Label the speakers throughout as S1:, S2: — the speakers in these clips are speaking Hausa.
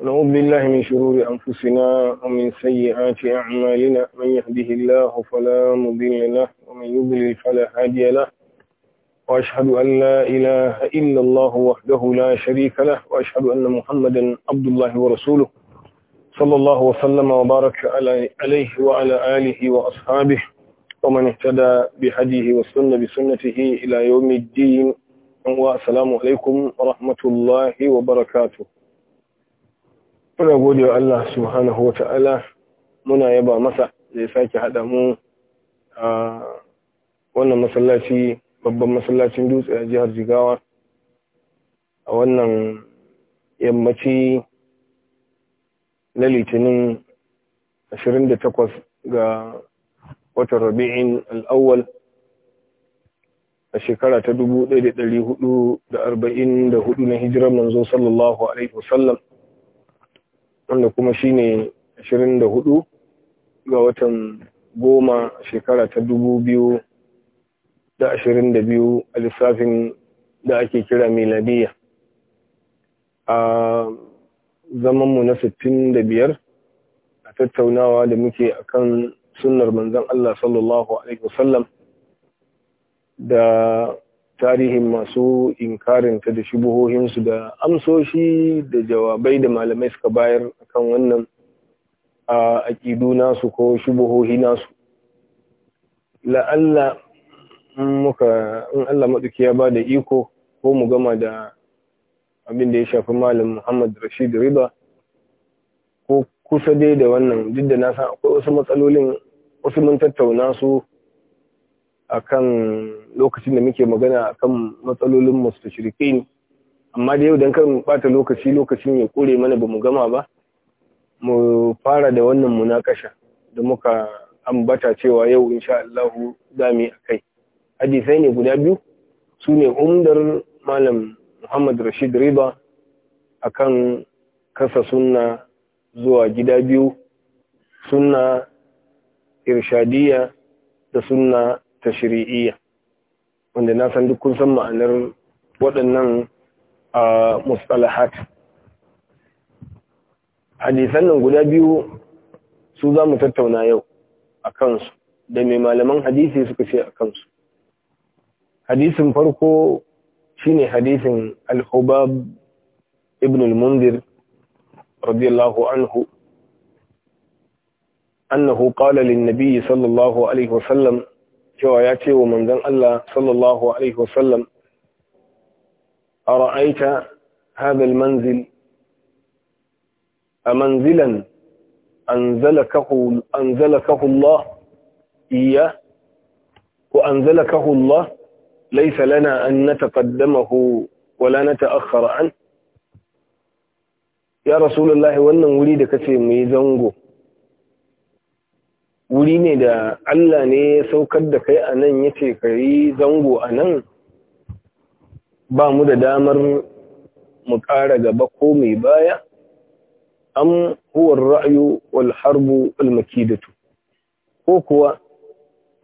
S1: نعوذ بالله من شرور أنفسنا ومن سيئات أعمالنا من يهده الله فلا مضل له ومن يضلل فلا هادي له وأشهد أن لا إله إلا الله وحده لا شريك له وأشهد أن محمدا عبد الله ورسوله صلى الله وسلم وبارك عليه وعلى آله وأصحابه ومن اهتدى بهديه وسن بسنته إلى يوم الدين والسلام عليكم ورحمة الله وبركاته muna gode wa Allah subhanahu wa ta'ala muna yaba masa za'i sake haɗa mu a wannan masallaci babban masallacin dutse a jihar jigawa a wannan yammaci na litinin 28 ga watan rabi'in al'awwal a shekara ta 1444 na hijirar manzo sallallahu alaihi wasallam wanda kuma ne 24 ga watan goma shekara ta 2022 a lissafin da ake kira miladiya a zamanmu na 65 a tattaunawa da muke a kan sunar manzan Allah sallallahu alaihi wasallam da tarihin masu inkarinta da shubuhohinsu da amsoshi da jawabai da malamai suka bayar kan wannan a aƙidu nasu ko shubuhohi nasu la'alla muka in Allah maɗuki ya ba da iko ko mu gama da abin da ya shafi malam Muhammad Rashid Riba ko kusa dai da wannan duk da na akwai wasu matsalolin wasu mun tattauna su akan lokacin da muke magana akan matsalolin mustashrikin amma da yau dan kan bata lokaci lokacin ya kore mana bamu gama ba mu fara da wannan munakasha da muka ambata cewa yau insha Allah za mu yi akai hadisai ne guda biyu sune ne umdar malam Muhammad Rashid Riba akan kasa sunna zuwa gida biyu sunna irshadiya da sunna tashri'iyya wanda na san duk kun san ma'anar waɗannan a mustalahat hadisan nan guda biyu su za mu tattauna yau a kansu da mai malaman hadisi suka ce a kansu hadisin farko shine hadisin al-hubab ibn al-mundir radiyallahu anhu أنه قال للنبي صلى الله عليه cewa ya ce wa manzan Allah sallallahu alaihi wasallam hadal manzil a manzilan an zala Allah iya ko an zala Allah laysa lana an na nataqaddamahu wala na nata'akhkhara an ya rasulullahi wannan wuri da kace mu yi zango wuri ne da Allah ne ya saukar da kai a nan ya ce ka yi zango a nan ba mu da damar mu ƙara gaba ko mai baya An huwar ra'ayu wal harbu wal makidatu ko kuwa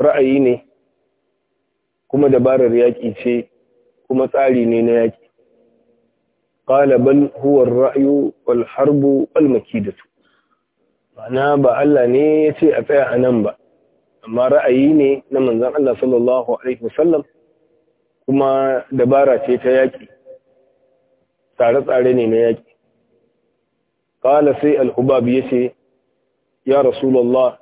S1: ra'ayi ne kuma dabarar yaƙi ce kuma tsari ne na yaƙi Ƙalaban bal huwa wal harbu wal makidatu ma'ana ba Allah ne ya ce a tsaya a nan ba amma ra'ayi ne na manzan Allah sallallahu alaihi wasallam kuma dabara ce ta yaƙi tsare-tsare ne na yaƙi ƙala sai al’ubab ya ce ya rasulallah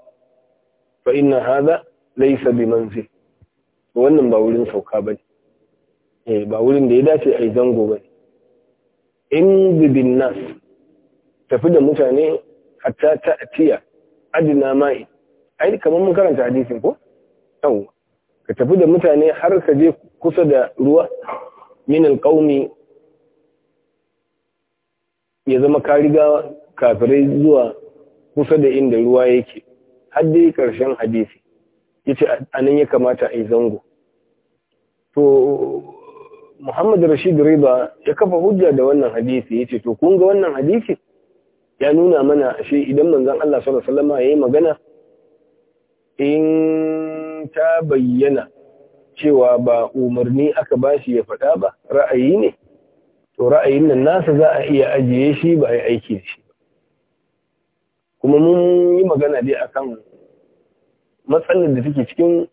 S1: fa ina hada laisa bi manzi wannan ba wurin sauka ba ne, eh, ba wurin da ya dace a yi zango bane in bibin nas tafi da mutane hatta ta atiya adina mai ai kamar mun karanta hadisin ko yau ka tafi da mutane har ka je kusa da ruwa min alqaumi ya zama kariga riga kafirai zuwa kusa da inda ruwa yake har dai karshen hadisi yace anan ya kamata ai zango to Muhammad Rashid Riba ya kafa hujja da wannan hadisi yace to kun ga wannan hadisin? ya nuna mana ashe idan manzon Allah sallallahu alaihi wasallam yayi magana in ta bayyana cewa ba umarni aka bashi ya faɗa ba ra'ayi ne to ra'ayin nan nasa za a iya ajiye shi ba a aiki da shi kuma mun yi magana dai akan matsalar da take cikin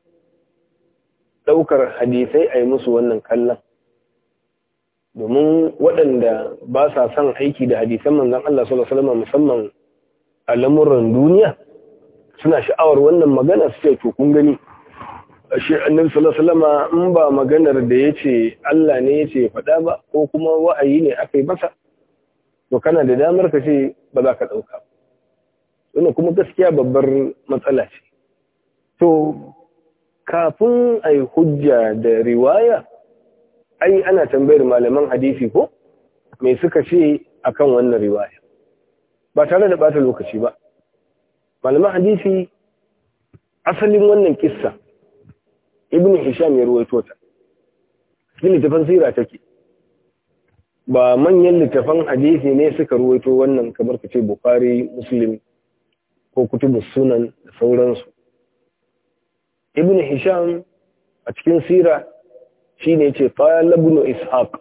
S1: ɗaukar hadisai a yi musu wannan kallon domin waɗanda ba sa son aiki da hadisan manzan Allah sallallahu alaihi musamman a lamuran duniya suna sha'awar wannan magana su ce to kun gani shi annabi sallallahu alaihi wasallam in ba maganar da yace Allah ne yace faɗa ba ko kuma wa'ayi ne aka yi masa to kana da damar ka ce ba za ka ɗauka wannan kuma gaskiya babbar matsala ce to kafin ai hujja da riwaya ai ana tambayar malaman hadisi ko me suka ce akan wannan riwaya ba tare da bata lokaci ba malaman hadisi asalin wannan kissa ibn hisham ya ruwaito ta cikin littafin sira take ba manyan littafan hadisi ne suka ruwaito wannan kamar ka ce Bukhari, muslim ko kutubu sunan da sauransu ibnu hisham a cikin sira shine yace qala ibn ishaq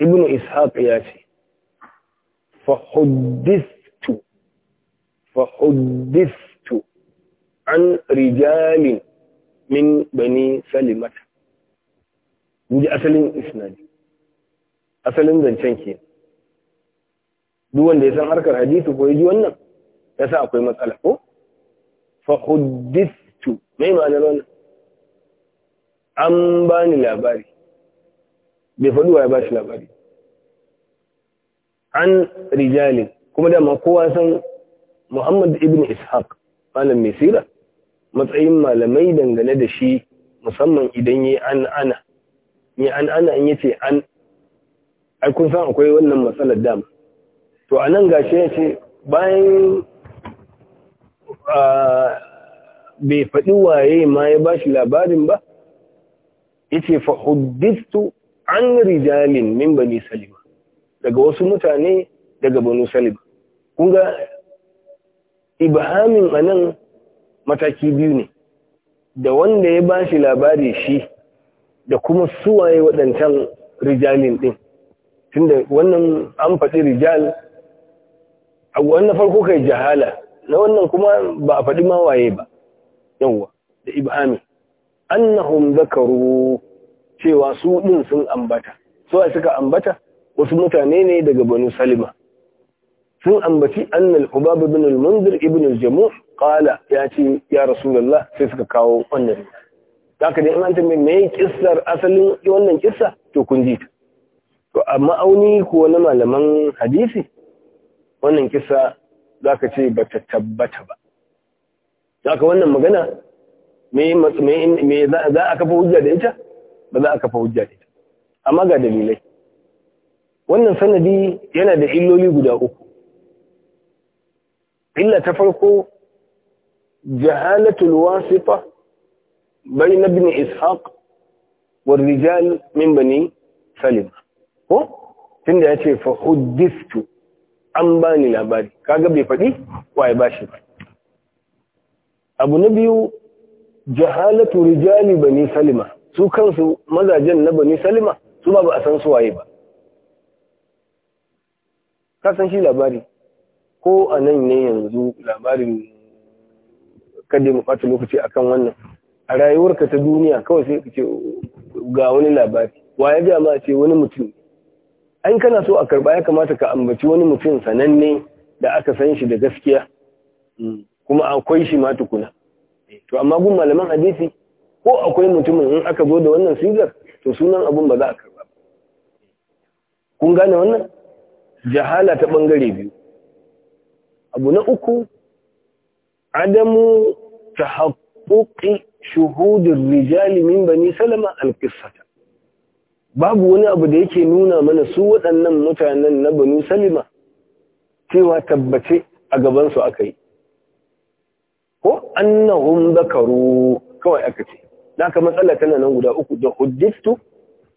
S1: ibn ishaq ya ce fahuddistu fahuddistu an rijalin min bani salimata inji asalin isnadi asalin zancen ke duk wanda ya san harkar hadisi ko ya ji wannan ya sa akwai matsala ko fahuddistu mai ma'anar wannan an ba ni labari bai faɗuwa ya ba shi labari an rijalin kuma dama kowa san muhammad ibn ishaq malam mai matsayin malamai dangane da shi musamman idan yi an ana yi an ana in yace an ai kun san akwai wannan matsalar dama to a nan gashi ya ce bayan ah, bai faɗi waye ma ya ba shi labarin ba yace fa huddithu an rijalin min bani salima daga wasu mutane daga banu salima kun ga ibhamin anan mataki biyu ne da wanda ya ba shi labari shi da kuma suwaye waɗancan rijalin ɗin tunda wannan an faɗi rijal a wannan farko kai jahala na wannan kuma ba a faɗi waye ba yawwa da ibhami annahum zakaru cewa su ɗin sun ambata su ai suka ambata wasu mutane ne daga banu salima sun ambaci annal hubab ibn al-munzir ibn al jamuh qala ya ce ya rasulullah sai suka kawo wannan haka dai an ta me kissar asalin wannan kissa to kun ji to amma auni ko na malaman hadisi wannan kissa zaka ce ba ta tabbata ba zaka wannan magana me za a kafa hujja da ita ba za a kafa hujja da ita amma ga dalilai wannan sanadi yana da illoli guda uku illa ta farko jahalatul wasifa na ibn ishaq wa rijal min bani salim ko tunda yace fa huddithtu an bani labari kaga bai faɗi waye bashi ba abu na biyu jahalatu rijali bani salima su kansu mazajen na bani salima su ba ba a san suwaye ba ka san shi labari ko a nan ne yanzu labarin kada mu ɓata lokaci akan wannan a rayuwarka ta duniya kawai sai ce ga wani labari wa ya ma ce wani mutum an kana so a karba ya kamata ka ambaci wani mutum sananne da aka san shi da gaskiya hmm. kuma akwai shi ma tukuna to amma gun malaman hadisi ko akwai mutumin in aka zo da wannan sigar to sunan abun ba za a karba kun gane wannan jahala ta bangare biyu abu na uku adamu ta haƙoƙi shuhudur rijali min bani salama alƙisata babu wani abu da yake nuna mana su waɗannan mutanen na bani salima cewa tabbace a gabansu aka yi ko annahum zakaru kawai aka ce haka matsala tana nan guda uku da hudiftu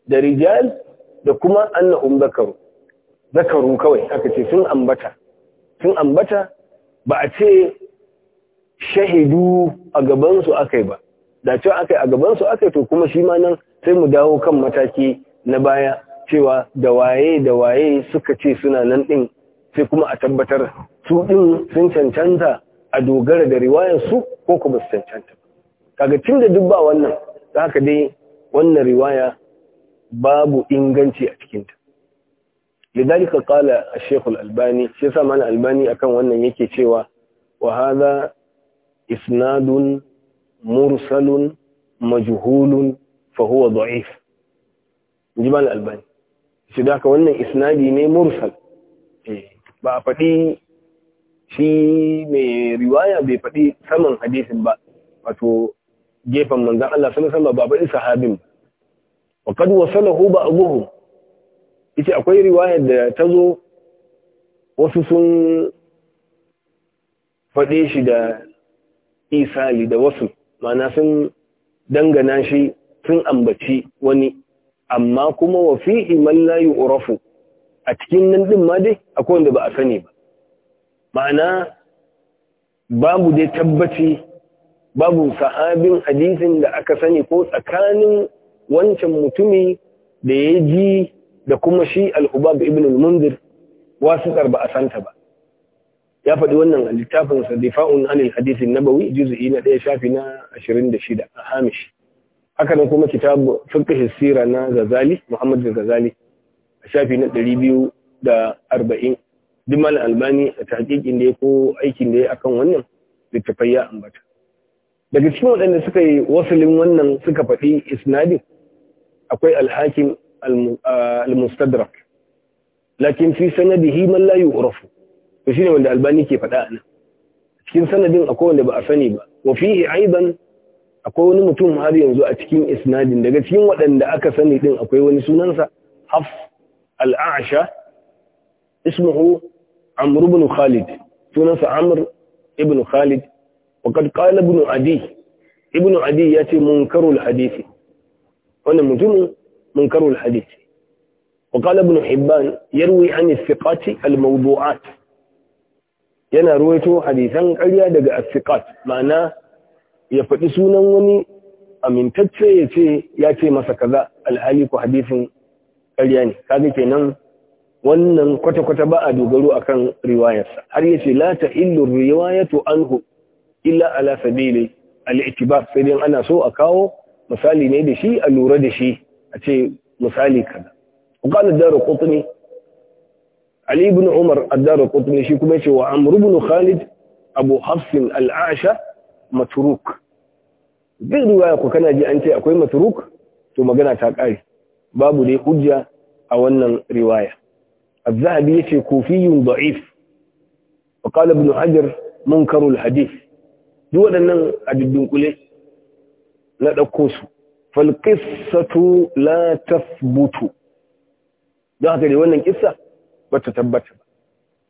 S1: da rijal da kuma annahum zakaru zakaru kawai aka ce sun ambata sun ambata ba a ce shahidu a gabansu akai ba da cewa akai a gabansu akai to kuma shi ma nan sai mu dawo kan mataki na baya cewa da waye da waye suka ce suna nan din sai kuma a tabbatar su din sun cancanta a dogara da riwayar su ko kuma su cancanta kaga tun da duk ba wannan za ka dai wannan riwaya babu inganci a cikinta lidalika kala a shekul albani shi sa mana albani akan wannan yake cewa wa haza isnadun mursalun majhulun fa huwa da'if ji albani shi da ka wannan isnadi ne mursal eh, ba a faɗi shi mai riwaya bai faɗi saman hadisin ba wato gefen manzan Allah sun sama ba faɗi sahabin wa kad wasalahu ba abuhu yace akwai riwaya da ta zo wasu sun faɗe shi da isali da wasu mana sun dangana shi sun ambaci wani amma kuma wa fihi man la yu'rafu a cikin nan ɗin ma dai akwai wanda ba a sani ba ma'ana babu dai tabbaci babu sahabin hadisin da aka sani ko tsakanin wancan mutumi da ya ji da kuma shi al'ubab ibn al mundir wasu ba a santa ba ya faɗi wannan a littafinsa difa'un anil hadisin nabawi juz'i na ɗaya shafi na 26 a hamish haka nan kuma kitabu fiqh sira na gazali muhammad gazali a shafi na 240 duk malin albani a tahqiqin da ya ko aikin da ya akan wannan littafai ya ambata daga cikin waɗanda suka yi wasalin wannan suka faɗi isnadin akwai alhakin al-mustadrak lakin fi sanadihi man la yu'rafu to shine wanda albani ke faɗa a anan cikin sanadin akwai wanda ba a sani ba wa fihi aidan akwai wani mutum har yanzu a cikin isnadin daga cikin waɗanda aka sani din akwai wani sunansa haf al ismuhu amr ibn khalid sunansa amr ibn khalid wa kad qala ibn adi ibn adi yace munkarul hadisi wannan mutumin munkarul hadisi وقال ابن حبان يروي عن الثقات الموضوعات yana ruwaito hadisan ƙarya daga asiqat ma'ana ya faɗi sunan wani amintacce ya ce masa kaza alhali hadisin karya ne kaga kenan wannan kwata-kwata ba a dogaro a kan riwayarsa har yace la tahillu riwayatu anhu illa ala sabili al-ittiba sai dai ana so a kawo misali ne da shi a lura da shi a ce misali kaza وقال الدارقطني علي بن عمر الدارقطني shi kuma yace wa amr ibn khalid abu hafs al-aasha matruk duk riwaya ku kana ji an ce akwai matruk to magana ta kare babu dai hujja a wannan riwaya الذهبي يشي كوفي ضعيف وقال ابن حجر منكر الحديث دو ودنن اددن كله na ɗauko su falƙisatu la tafbutu don wannan kissa bata tabbata ba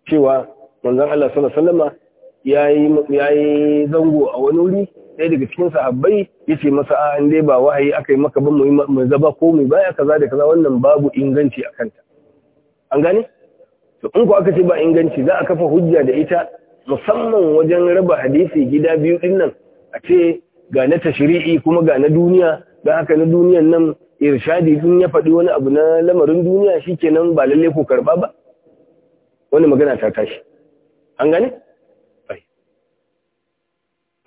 S1: cewa manzon Allah sallallahu alaihi ya yi zango a wani wuri sai daga cikin sahabbai yace masa a an dai ba wahayi aka yi maka ba mu zaba ko mu baya kaza da kaza wannan babu inganci a kanta an gane to in ku aka ce ba inganci za a kafa hujja da ita musamman wajen raba hadisi gida biyu din nan a ce ga na tashiri'i kuma ga na duniya da haka na duniyan nan irshadi sun ya faɗi wani abu na lamarin duniya shi nan ba lalle ku karba ba wani magana ta tashi an gane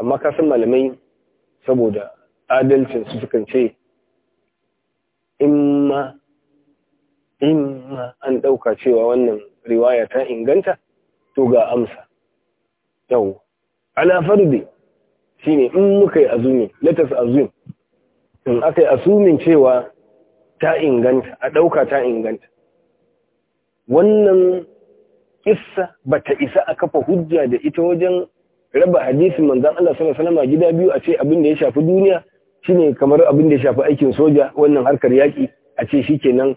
S1: amma ka san malamai saboda adalcin su sukan ce in ma in an ɗauka cewa wannan riwaya ta inganta to ga amsa yau ala fardi shine in muka yi azumi let us assume in aka yi asumin cewa ta inganta a ɗauka ta inganta wannan kissa ta isa a kafa hujja da ita wajen raba hadisi manzon Allah sallallahu alaihi wasallam gida biyu a ce abin da ya shafi duniya shine kamar abin da ya shafi aikin soja wannan harkar yaki a ce shikenan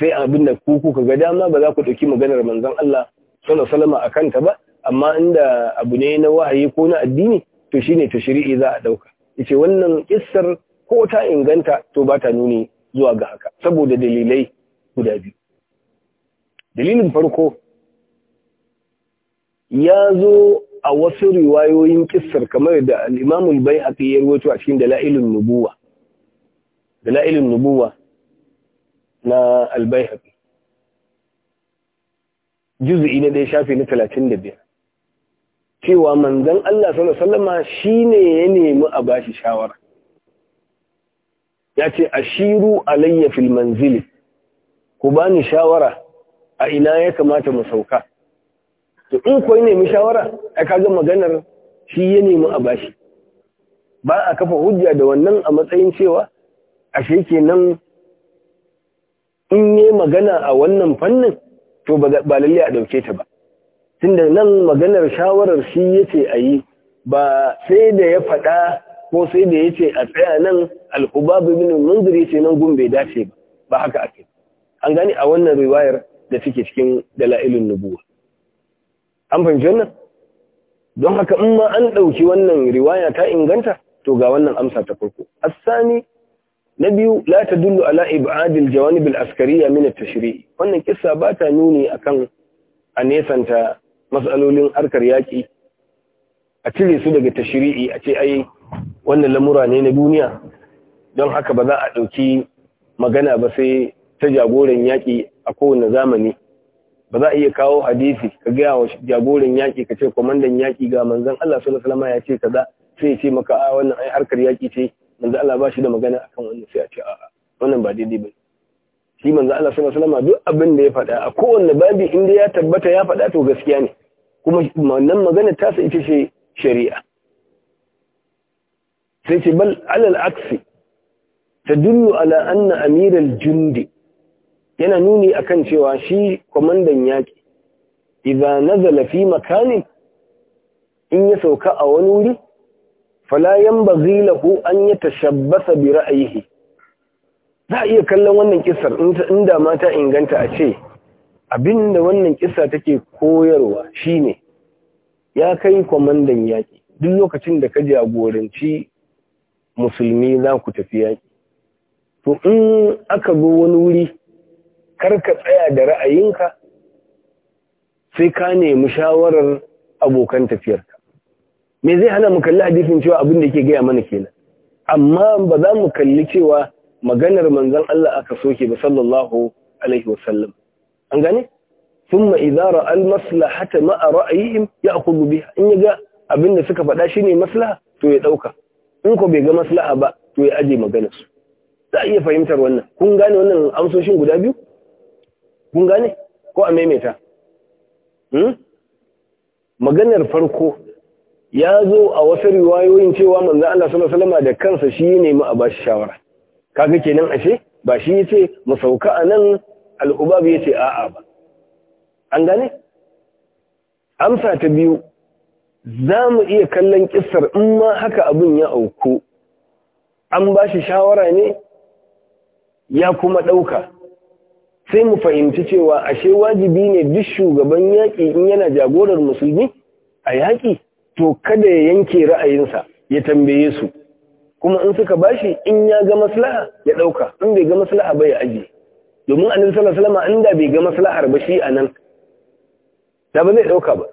S1: sai abin da ku kuka ga dama ba za ku ɗauki maganar manzon Allah sallallahu alaihi a kanta ba amma inda abu ne na wahayi ko na addini to shine tashri'i za a ɗauka. yace wannan kissar ko ta inganta to ba ta nuni zuwa ga haka saboda dalilai guda biyu dalilin farko ya zo a wasu riwayoyin kissar kamar da al-Imam al a cikin Dalailun Nubuwa Dalailun Nubuwa na albayhaqi juz'i na dai shafi na talatin da biyar. cewa manzan Allah sallallahu alaihi shi shine ya nemi a bashi shawara Ya ce ashiru alayya fil manzili ku bani shawara a ina ya kamata mu sauka to in ko nemi shawara ai kaga maganar shi ya nemi a bashi ba a kafa hujja da wannan a matsayin cewa ashe kenan in yi magana a wannan fannin to ba lalle a ɗauke ta ba tunda nan maganar shawarar shi ya ce a yi ba sai da ya faɗa ko sai da ya ce a tsaya nan al-hubab ibn ya ce nan gun bai dace ba ba haka ake an gani a wannan riwayar da take cikin dalailun nubuwa an fahimci wannan don haka in ma an ɗauki wannan riwaya ta inganta to ga wannan amsa ta farko asani na biyu la dullu ala ib'adil jawanib al askariya min at-tashri' wannan kissa ba ta nuni akan a nesanta matsalolin harkar yaƙi a cire su daga tashri'i a ce ai wannan lamura ne na duniya don haka ba za a ɗauki magana ba sai ta jagoran yaki a kowane zamani ba za a iya kawo hadisi ka gaya wa jagoran yaƙi ka ce kwamandan yaƙi ga manzon Allah sallallahu alaihi wasallam ya ce kaza sai ya ce maka a wannan ai harkar yaki ce manzo Allah ba shi da magana akan wannan sai a ce a'a wannan ba daidai bane shi manzo Allah sallallahu alaihi duk abin da ya faɗa a kowanne babi inda ya tabbata ya faɗa to gaskiya ne kuma wannan magana ta sa ita ce shari'a sai ce bal alal aksi tadullu ala anna amiral jundi yana nuni akan cewa shi kwamandan yaƙi idan nazala fi makani in ya sauka a wani wuri fala bazila ko an yatashabbasa bi ra'yihi za a iya kallon wannan kissar inda mata inganta a ce abinda wannan kissa take koyarwa shine ya kai kwamandan yaƙi duk lokacin da ka jagoranci musulmi za ku tafi yaƙi to in aka zo wani wuri kar ka tsaya da ra'ayinka sai ka nemi shawarar abokan tafiyarka me zai hana mu kalli hadisin cewa abin da yake gaya mana kenan amma ba za mu kalli cewa maganar manzon Allah aka soke ba sallallahu alaihi wasallam an gane thumma idza ra al-maslahata ma ra'yihim ya'khudhu biha in yaga abin da suka faɗa shine maslaha to ya dauka in ko bai ga maslaha ba to ya aje maganar su za a iya fahimtar wannan kun gane wannan amsoshin guda biyu kun gane ko a maimaita hmm? maganar farko ya zo a wasu riwayoyin cewa manzo Allah sallallahu alaihi wasallam da kansa shi ne mu a bashi shawara kaga kenan ashe ba shi yace mu sauka anan al-ubab yace a'a ba an gane amsa ta biyu za mu iya kallon kissar in ma haka abin ya auku an bashi shawara ne ya kuma ɗauka sai mu fahimci cewa ashe wajibi ne duk shugaban yaƙi in yana jagorar musulmi a yaƙi to kada ya yanke ra'ayinsa ya tambaye su kuma in suka bashi in ya ga maslaha ya dauka in bai ga maslaha ba ya aje domin annabi sallallahu alaihi wasallam inda bai ga maslahar ba shi anan da ba zai dauka ba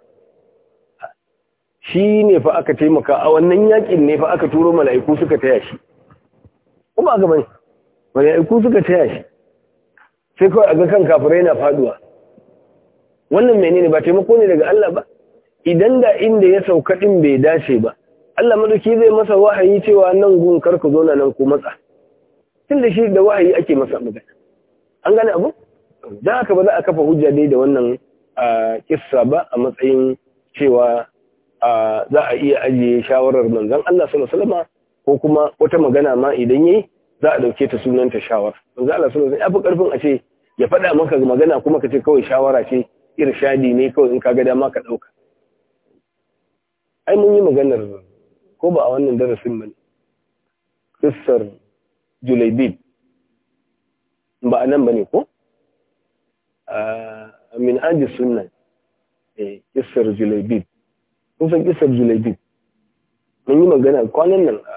S1: shi ne fa aka taimaka a wannan yakin ne fa aka turo mala'iku suka taya shi kuma ga bane mala'iku suka taya shi sai kawai a ga kan kafirai na faduwa wannan menene ba taimako ne daga Allah ba idan da inda ya sauka ɗin bai dace ba Allah madauki zai masa wahayi cewa nan gun ku zo nan ku matsa Tun da shi da wahayi ake masa magana an gane abu dan haka ba za a kafa hujja dai da wannan kissa ba a matsayin cewa za a iya ajiye shawarar manzon Allah sallallahu alaihi wasallam ko kuma wata magana ma idan yayi za a dauke ta sunanta shawara manzon Allah sallallahu alaihi wasallam ya fi karfin a ce ya faɗa maka magana kuma ka ce kawai shawara ce irshadi ne kawai in ka ga dama ka ɗauka ai mun yi maganar ko ba a wannan darasin ba kissar julaibib ba a nan ba ne ko ah, min aji sunna eh, kissar julaibib kun san kissar julaibib mun yi magana kwanan nan a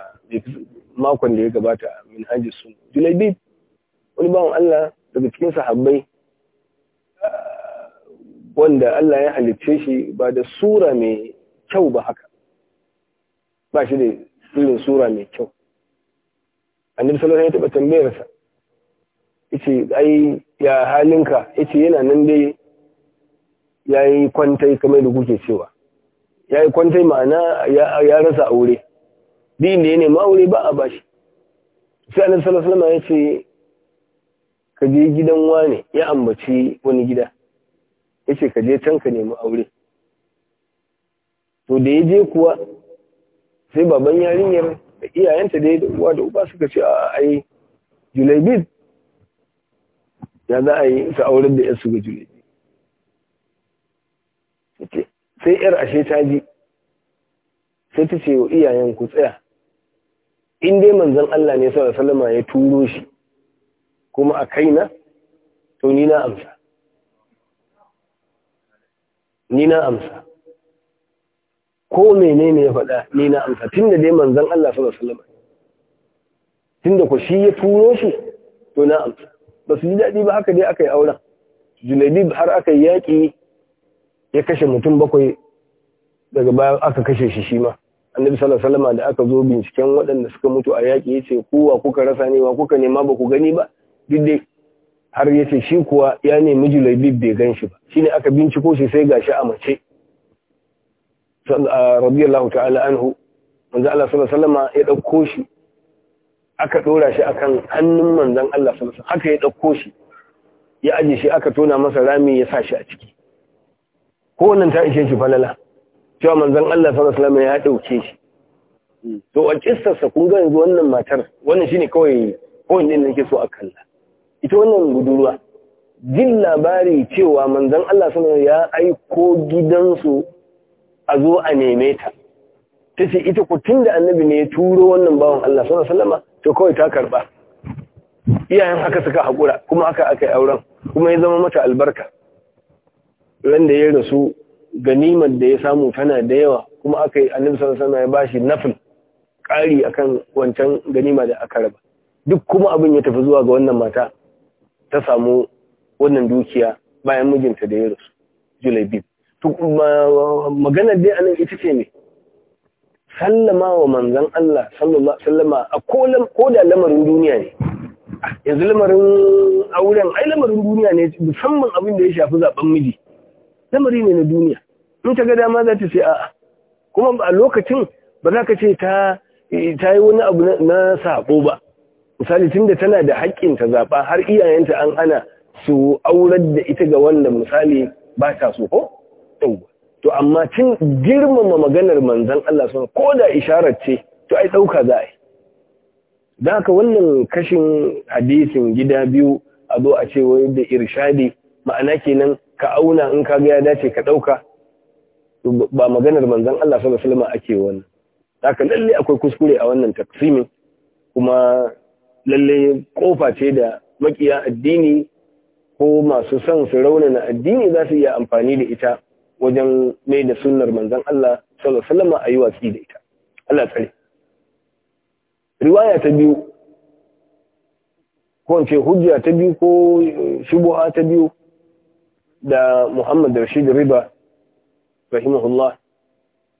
S1: makon da ya gabata a min aji sunna julaibib wani bawan Allah daga cikin sahabbai ah, wanda Allah ya halicce shi ba da sura mai kyau ba haka ba shi da sirrin sura mai kyau annabi sallallahu alaihi ya taba tambayarsa yace ai ya halinka yace yana nan dai ya yi kwantai kamar da kuke cewa Ya yi kwantai ma'ana ya rasa aure din da ya nemi aure ba a bashi sai annabi sallallahu alaihi ya ce ka je gidan wane ya ambaci wani gida ce ka je can ka nemi aure to da ya je kuwa sai baban yarinyar da iyayenta da ya da uwa da uba suka ce a ai julaibid ya za a yi su auren da yarsu ga julaibid sai yar ashe ta ji sai ta ce wa iyayen ku tsaya in dai manzan Allah ne da salama ya turo shi kuma a kaina to ni na amsa ni na amsa ko menene ya faɗa ni na amsa tun da dai manzan Allah su alaihi tun da ku shi ya turo shi to na amsa ba su ji daɗi ba haka dai aka yi auren Junaidib har aka yi yaƙi ya kashe mutum bakwai daga baya aka kashe shi shi ma annabi sallallahu da aka zo binciken waɗanda suka mutu a yaƙi yace kowa kuka rasa ne wa kuka nema ba ku gani ba duk dai har yace shi kuwa ya nemi julaibib bai gan shi ba shine aka binciko shi sai gashi a mace radiyallahu ta'ala anhu manzo Allah sallallahu alaihi wasallam ya dauko shi aka dora shi akan hannun manzon Allah sallallahu alaihi wasallam haka ya dauko shi ya aje shi aka tona masa rami ya sa shi a ciki ko wannan ta ishe shi falala cewa manzon Allah sallallahu alaihi wasallam ya dauke shi to a kissarsa kun ga yanzu wannan matar wannan shine kawai kawai din nake so a kalla ita wannan guduruwa jin labari cewa manzon Allah sallallahu alaihi wasallam ya aiko gidansu a zo a neme ta ta ce ita ku tun da annabi ne ya turo wannan bawan Allah sallallahu alaihi to kawai ta karba iyayen haka suka haƙura kuma haka aka yi auren kuma ya zama mata albarka wanda ya rasu ganimar da ya samu tana da yawa kuma aka yi annabi sallallahu alaihi wasallam ya bashi nafin ƙari akan wancan ganima da aka raba duk kuma abin ya tafi zuwa ga wannan mata ta samu wannan dukiya bayan mijinta da ya rasu Julaibib maganar dai anan ita ce ne sallama wa manzan Allah sallama a ko da lamarin duniya ne yanzu lamarin auren ai lamarin duniya ne musamman abin da ya shafi zaben miji lamari ne na duniya in ta ga dama za ta ce a'a kuma a lokacin ba za ka ce ta yi wani abu na sabo ba misali tun da tana da haƙƙin ta zaɓa har iyayenta an ana su aurar da ita ga wanda misali ba ta so ko to amma cin girmama maganar manzan Allah sun ko da isharar ce to ai ɗauka za a yi don haka wannan kashin hadisin gida biyu a zo a ce wani da irshadi ma'ana kenan ka auna in ka ga ya dace ka ɗauka ba maganar manzan Allah sallallahu alaihi wasallam ake wannan haka lalle akwai kuskure a wannan taksimin kuma lalle kofa ce da makiya addini ko masu son su raunana addini za su iya amfani da ita wajen mai da sunar manzan Allah sallallahu alaihi wasallam ayi watsi da ita Allah tsare riwaya ta biyu ko ce hujja ta biyu ko eh, shubuha ta biyu da Muhammad Rashid Riba rahimahullah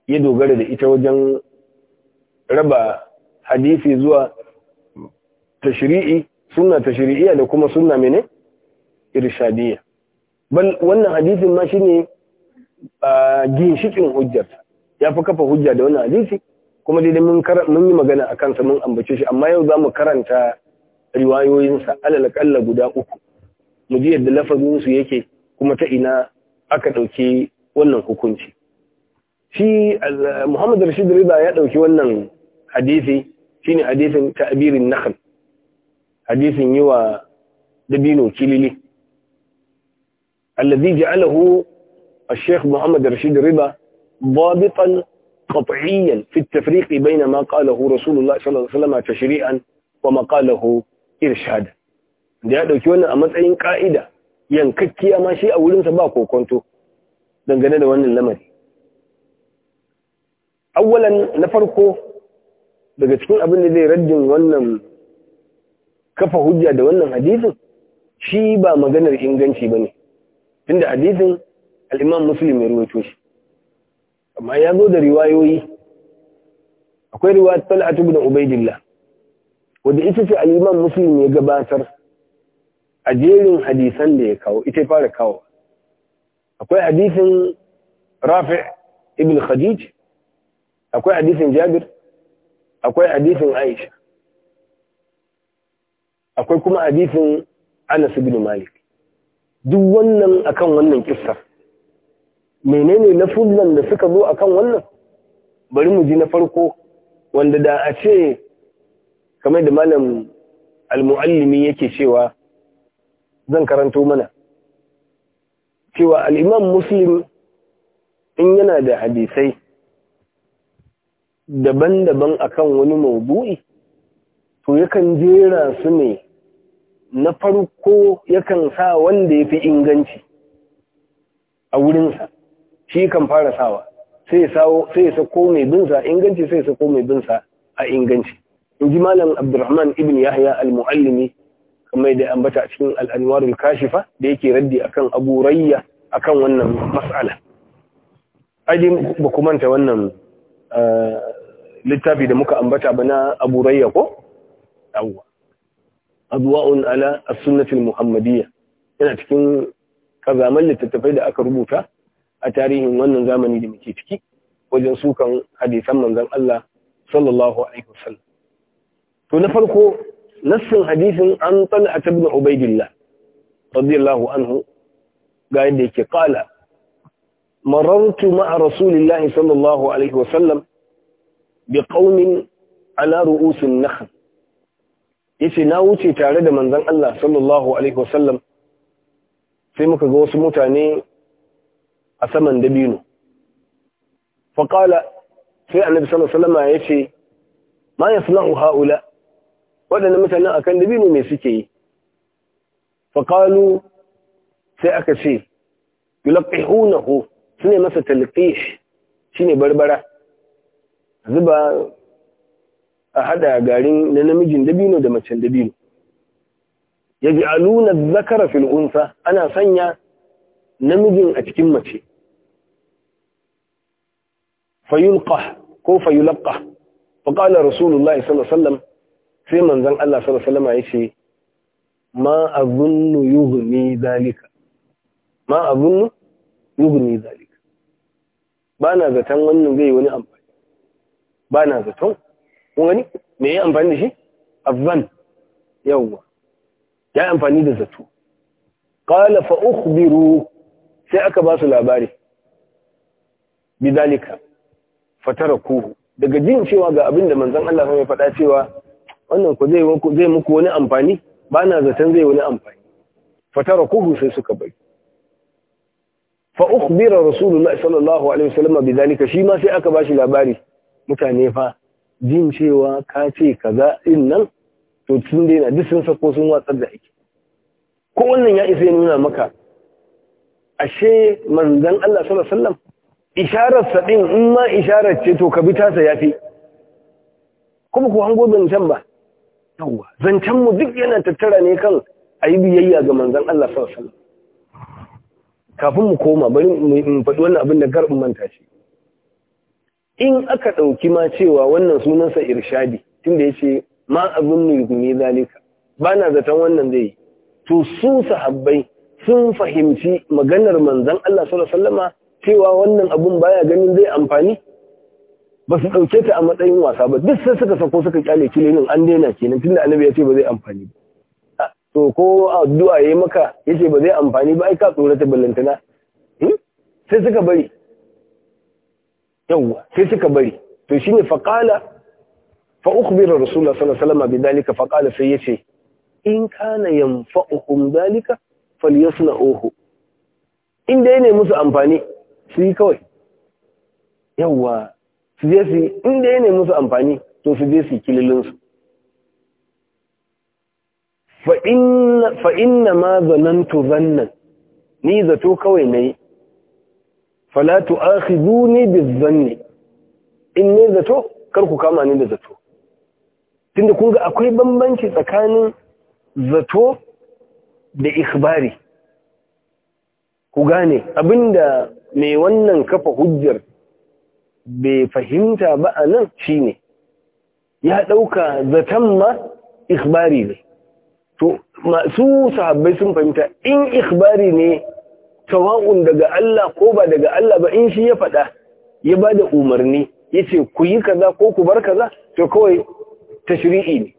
S1: ya dogara da ita wajen raba hadisi zuwa tashri'i sunna da kuma suna mene irshadiyya bal wannan hadisin ma shine ginshikin hujjarsa ya fi kafa hujja da wannan hadisi kuma dai-dai mun yi magana a kansa mun ambace shi amma yau za mu karanta riwayoyinsa alal kalla guda uku mu ji yadda su yake kuma ta ina aka ɗauki wannan hukunci shi muhammad rashid rida ya ɗauki wannan hadisi shine hadisin ta'birin nakhl hadisin yi wa dabino kilili allazi ja'alahu الشيخ محمد رشيد رضا ضابطا قطعيا في التفريق بين ما قاله رسول الله صلى الله عليه وسلم تشريعا وما قاله إرشادا da ya ɗauki wannan a matsayin ƙa'ida yankakkiya ma shi a wurinsa ba kokonto dangane da wannan lamari Awalan na farko daga cikin abin da zai raddin wannan kafa hujja da wannan hadisin shi ba maganar inganci ba ne tunda hadisin al'imam musulun ya ruwa shi amma ya zo da riwayoyi akwai riwayat tal'at da ubaidillah wadda ita ce al'imam musulun ya gabatar a jerin hadisan da ya kawo ita fara kawo akwai hadisin rafi' ibn khadij akwai hadisin jabir akwai hadisin aisha akwai kuma adisin anas malik duk wannan akan wannan kissar menene lafuzan da suka zo a kan wannan bari mu ji na farko wanda da a ce kamar da malam al-muallimi yake cewa zan karanto mana cewa al-imam muslim in yana da hadisai daban-daban akan wani maudu'i to yakan jera su ne na farko yakan sa wanda ya fi inganci a wurinsa shi kan fara sawa sai ya sako mai binsa inganci sai ya sako mai binsa a inganci in ji malam abdurrahman ibn yahya al-muallimi kamar da ambata a cikin al kashifa da yake raddi akan abu rayya akan wannan mas'ala aje ba ku manta wannan eh, littafi da muka ambata ba na abu rayya ko yawwa adwa'un ala as sunnah al-muhammadiyya yana cikin kazaman littattafai da aka rubuta a tarihin wannan zamani da muke ciki wajen sukan hadisan manzan Allah sallallahu alaihi wasallam
S2: to na farko
S1: nassin hadisin an talha ibn ubaidillah radiyallahu anhu ga yadda yake qala marartu ma'a rasulillahi sallallahu alaihi wasallam bi qaumin ala ru'usin nakhl yace na wuce tare da manzan Allah sallallahu alaihi wasallam sai muka ga wasu mutane a saman dabino faƙala sai annabi sallallahu alaihi ya ce ma ya yasna'u mutane waɗannan mutanen akan dabino me suke yi faƙalu sai aka ce su sune masa shi ne barbara zuba a haɗa garin na namijin dabino da macen dabino Yaji Aluna zakara zakara fil’unsa, ana sanya namijin a cikin mace fayulqa ko fayulqa fa qala rasulullahi sallallahu alaihi wasallam sai manzon Allah sallallahu alaihi wasallam yace ma azunnu yughni zalika ma azunnu yughni zalika bana zaton wannan zai wani amfani bana zaton kun gani me yayi amfani da shi azan yawwa ya amfani da zato qala fa ukhbiru sai aka ba su labari bidalika fatara ku daga jin cewa ga abin da manzon Allah ya faɗa cewa wannan ku zai muku zai muku wani amfani ba na zaton zai wani amfani fatara ku sai suka bari fa ukhbira rasulullahi sallallahu alaihi wasallam bidalika shi ma sai aka bashi labari mutane fa jin cewa ka ce kaza din nan to tun na duk sun sako sun watsar da ake ko wannan ya isa ya nuna maka ashe manzon Allah sallallahu alaihi wasallam ishararsa ɗin in ma isharar ce to ka bi tasa ya fi kuma ku hango zancen ba yauwa zancen mu duk yana tattara ne kan a yi biyayya ga manzan Allah sarsan kafin mu koma bari mu faɗi wannan abin da garɓin manta shi in aka ɗauki ma cewa wannan sunansa irshadi tunda ya ce ma abin gumi zalika ba na zaton wannan zai yi to su sahabbai sun fahimci maganar manzan Allah sallallahu cewa wannan abun baya ganin zai amfani ba su ɗauke ta a matsayin wasa ba duk sai suka sako suka kyale kilinin an daina kenan tunda annabi ya ce ba zai amfani ba to ko addu'a yayi maka yace ba zai amfani ba ai ka tsorata ballantana hmm? sai suka bari yawa sai suka bari to shine qala fa ukhbira rasulullah sallallahu alaihi wasallam bidalika qala sai yace in kana yanfa'uhum dalika falyasna'uhu in dai ne musu amfani su yi kawai yawwa su je su yi inda ya ne musu amfani to su je su yi kililinsu fa'inna ma zanantu zannan ni zato kawai na yi falatu akhidu ne bi zanne. in ne zato kar ku kama ni da zato tunda kun ga akwai bambanci tsakanin zato da ikhbari ku gane abinda mai wannan kafa hujjar bai fahimta ba a nan shi ne ya ɗauka zaton ma ikhbari ne to masu sahabbai sun fahimta in ikhbari ne tawaun daga Allah ko ba daga Allah ba in shi ya faɗa ya ba da umarni ya ce ku yi kaza ko ku bar kaza to kawai tashiri'i ne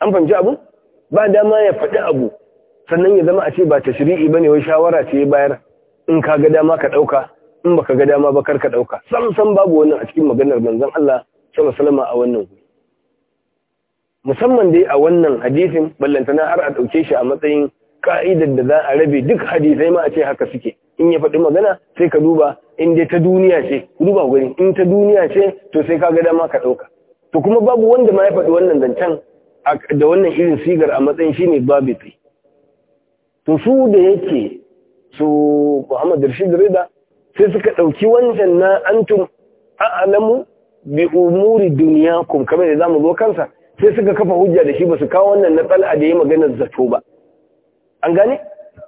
S1: an fahimci abu ba dama ya faɗi abu sannan ya zama a ce ba tashri'i bane wai shawara ce bayar in ka ga dama ka dauka in baka ga dama ba kar ka ɗauka. sam sam babu wannan a cikin maganar manzon Allah sallallahu alaihi a wannan musamman dai a wannan hadisin ballantana har a ɗauke shi a matsayin ka'idar da za a rabe duk hadisai ma a ce haka suke in ya faɗi magana sai ka duba in dai ta duniya ce duba gani in ta duniya ce to sai ka ga dama ka ɗauka. to kuma babu wanda ma ya faɗi wannan zancen da wannan irin sigar a matsayin shine babu tsaye to su da yake su Muhammad Rashid Rida sai suka ɗauki wancan na antum a'lamu bi umuri duniyakum kamar da zamu zo kansa sai suka kafa hujja da shi ba su kawo wannan na tsala da ya maganar zato ba an gane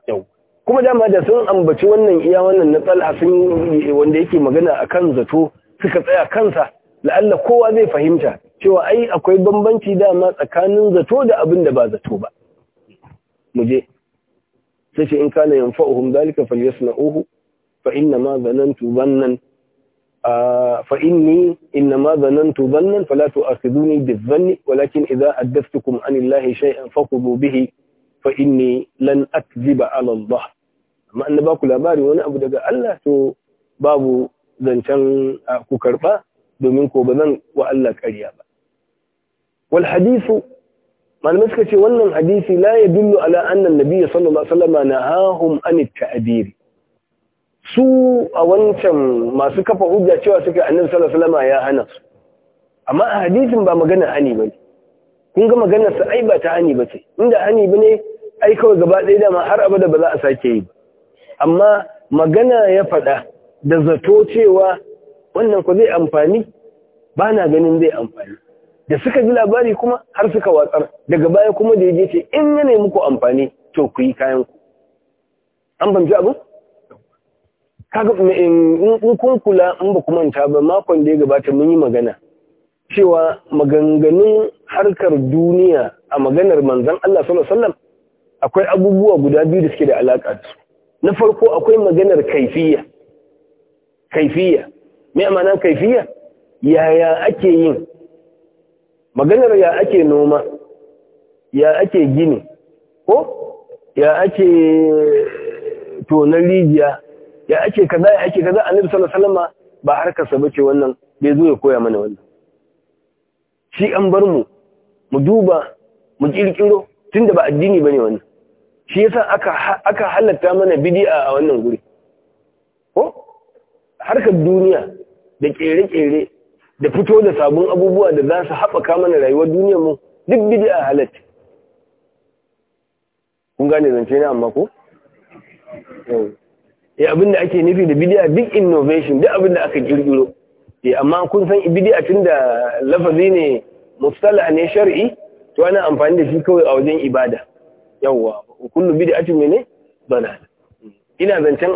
S1: yau kuma dama da sun ambaci wannan iya wannan na tsala sun wanda yake magana akan zato suka tsaya kansa la'alla kowa zai fahimta cewa ai akwai bambanci dama tsakanin zato da abin da ba zato ba mu je sai ce in kana yanfa'uhum dalika falyasna'uhu fa inna ma zanantu zannan falatu inni inna ma zanantu zannan fala tu'akhiduni bizanni walakin idza addathtukum anillahi shay'an faqulu bihi fa inni lan akziba ala ba, amma an ba ku labari wani abu daga Allah to babu zancen ku karɓa, domin ko ba zan wa Allah ƙarya ba wal malamai suka ce wannan hadisi la ya yadullu ala annan nabiyyi sallallahu alaihi wasallam nahahum an ta'bir su a wancan masu kafa hujja cewa suka annabi sallallahu alaihi wasallam ya hana su amma a hadisin ba magana hani bane kun ga maganar sa ai ba ta hani bace inda hani bane ai kawai gaba ɗaya dama har abada ba za a sake yi amma magana ya faɗa da zato cewa wannan ku zai amfani ba na ganin zai amfani da suka ji labari kuma har suka watsar daga baya kuma da yaje ce in nemi muku amfani to ku yi kayan ku an banji abin? kaga in kun kula in ba ku manta ba makon da ya gabata mun yi magana cewa maganganun harkar duniya a maganar manzon Allah sallallahu alaihi wasallam akwai abubuwa guda biyu da suke da alaka da su na farko akwai maganar kaifiya kaifiya me ma'anar kaifiya yaya ake yin maganar ya ake noma ya ake gini ko ya ake tonar rijiya ya ake kaza ya ake kaza annabi sallallahu alaihi wasallam ba harkarsa bace wannan bai zo ya koya mana wannan shi an bar mu mu duba mu kirkiro tunda ba addini bane wannan shi yasa aka aka halatta mana bid'a a wannan guri ko harkar duniya da kere-kere da fito da sabon abubuwa da za su haɓaka mana rayuwar duniyar mu duk a halatta kun gane zance ne amma ko eh abin da ake nufi da bid'a duk innovation duk abin da aka girgiro. eh amma kun san tun da lafazi ne mustala ne shar'i to ana amfani da shi kawai a wajen ibada yawwa kullu bid'atin mene bana. ina zancen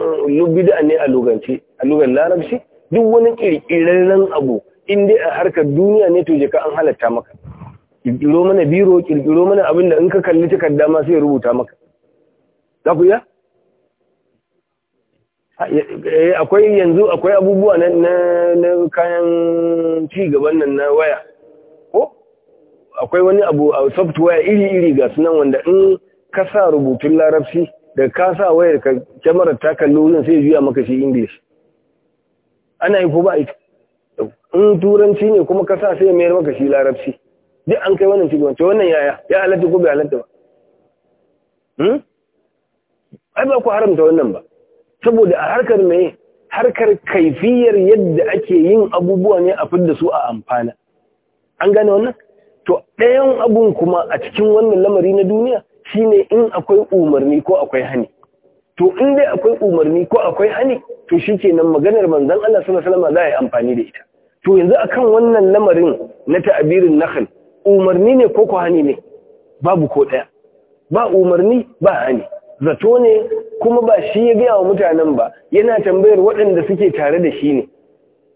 S1: bid'a ne a lugance a lugan larabci duk wani ƙirƙirarren abu in dai a harkar duniya ne to je an halatta maka kirkiro mana biro kirkiro mana abin da in ka kalli takarda ma sai rubuta maka za ku iya eh, akwai yanzu akwai abubuwa na kayan ci gaban nan na waya ko akwai wani abu a software iri-iri ga sunan wanda in ka sa rubutun larabci da ka sa wayar ka kyamarar ta kalli wurin sai juya maka shi english ana yi ko ba ita in turanci ne kuma ka sa sai ya mayar maka shi larabci duk an kai wannan cikin wancan wannan yaya ya halatta ko bai halatta ba hmm? ai ba ku haramta wannan ba saboda a harkar mai harkar kaifiyar yadda ake yin abubuwa ne a fidda su a amfana an gane wannan to ɗayan abun kuma a cikin wannan lamari na duniya shine in akwai umarni ko akwai hani to in dai akwai umarni ko akwai hani to shikenan maganar manzon Allah sallallahu alaihi wasallam za a yi amfani da ita to yanzu akan wannan lamarin na ta'abirin nakhl umarni ne ko hani ne babu ko daya ba umarni ba hani zato ne kuma ba shi ya gaya wa mutanen ba yana tambayar waɗanda suke tare da shi ne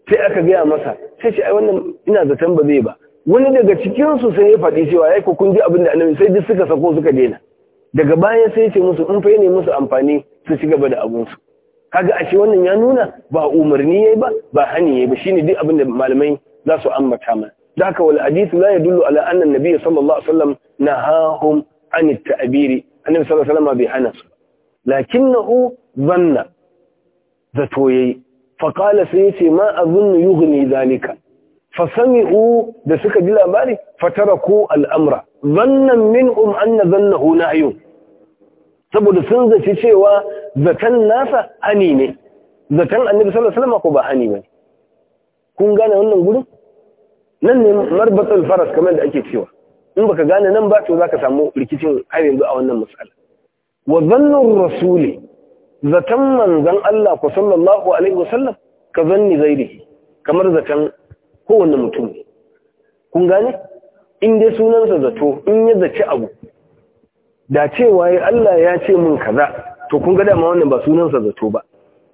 S1: sai aka gaya masa sai shi ai wannan ina zaton ba zai ba wani daga cikin su sai ya faɗi cewa ai ko kun ji abin da annabi sai duk suka sako suka daina daga baya sai ya ce musu in fa ne musu amfani su ci gaba da abun su kaga ashe wannan ya nuna ba umarni yayi ba ba hani yayi ba shine duk abin da malamai za su ambata mana daka wal hadith la yadullu ala anna an-nabiy sallallahu alaihi wasallam nahahum an at-ta'bir annabi sallallahu alaihi wasallam bai hana su lakinnahu dhanna da yayi fa qala sai yace ma azunnu yughni zalika fa sami'u da suka ji labari fataraku al-amra dhannan minhum anna dhannahu nahyun saboda sun zaci cewa zaton nasa hani ne zaton annabi sallallahu alaihi wasallam ko ba hani ba kun gane wannan gurin nan ne marbatul faras kamar da ake cewa in baka gane nan ba to zaka samu rikicin har yanzu a wannan mas'ala wa dhannu rasuli zaton manzon Allah ko sallallahu alaihi wasallam ka zanni zairihi kamar zaton kowanne mutum ne. kun gane in dai sunansa zato in ya zaci abu da cewa ya Allah ya ce min kaza to kun ga dama wannan ba sunansa zato ba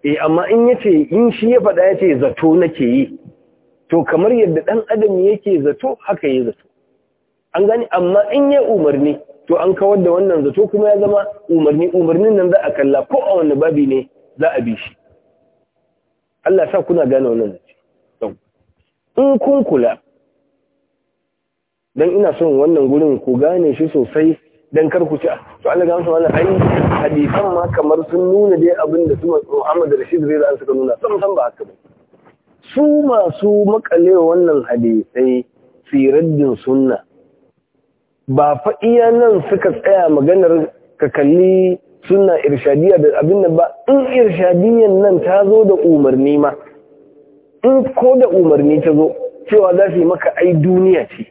S1: eh amma in yace in shi ya faɗa yace zato nake yi to kamar yadda dan adam yake zato haka yake zato an gani amma in ya umarni to an kawar da wannan zato kuma ya zama umarni umarnin nan za a kalla ko a wani babi ne za a bi shi Allah sa kuna gane wannan zato. in kun kula dan ina son wannan gurin ku gane shi sosai dan kar ku ci to Allah ga musu wannan ai hadisan ma kamar sun nuna dai abin da su Muhammad Rashid Reza an suka nuna sam sam ba haka ba su masu makale wannan hadisai siraddin sunna ba fa iya nan suka tsaya maganar ka kalli sunna irshadiyya da abin nan ba in irshadiyyan nan ta zo da umarni ma in ko da umarni ta zo cewa za su yi maka ai duniya ce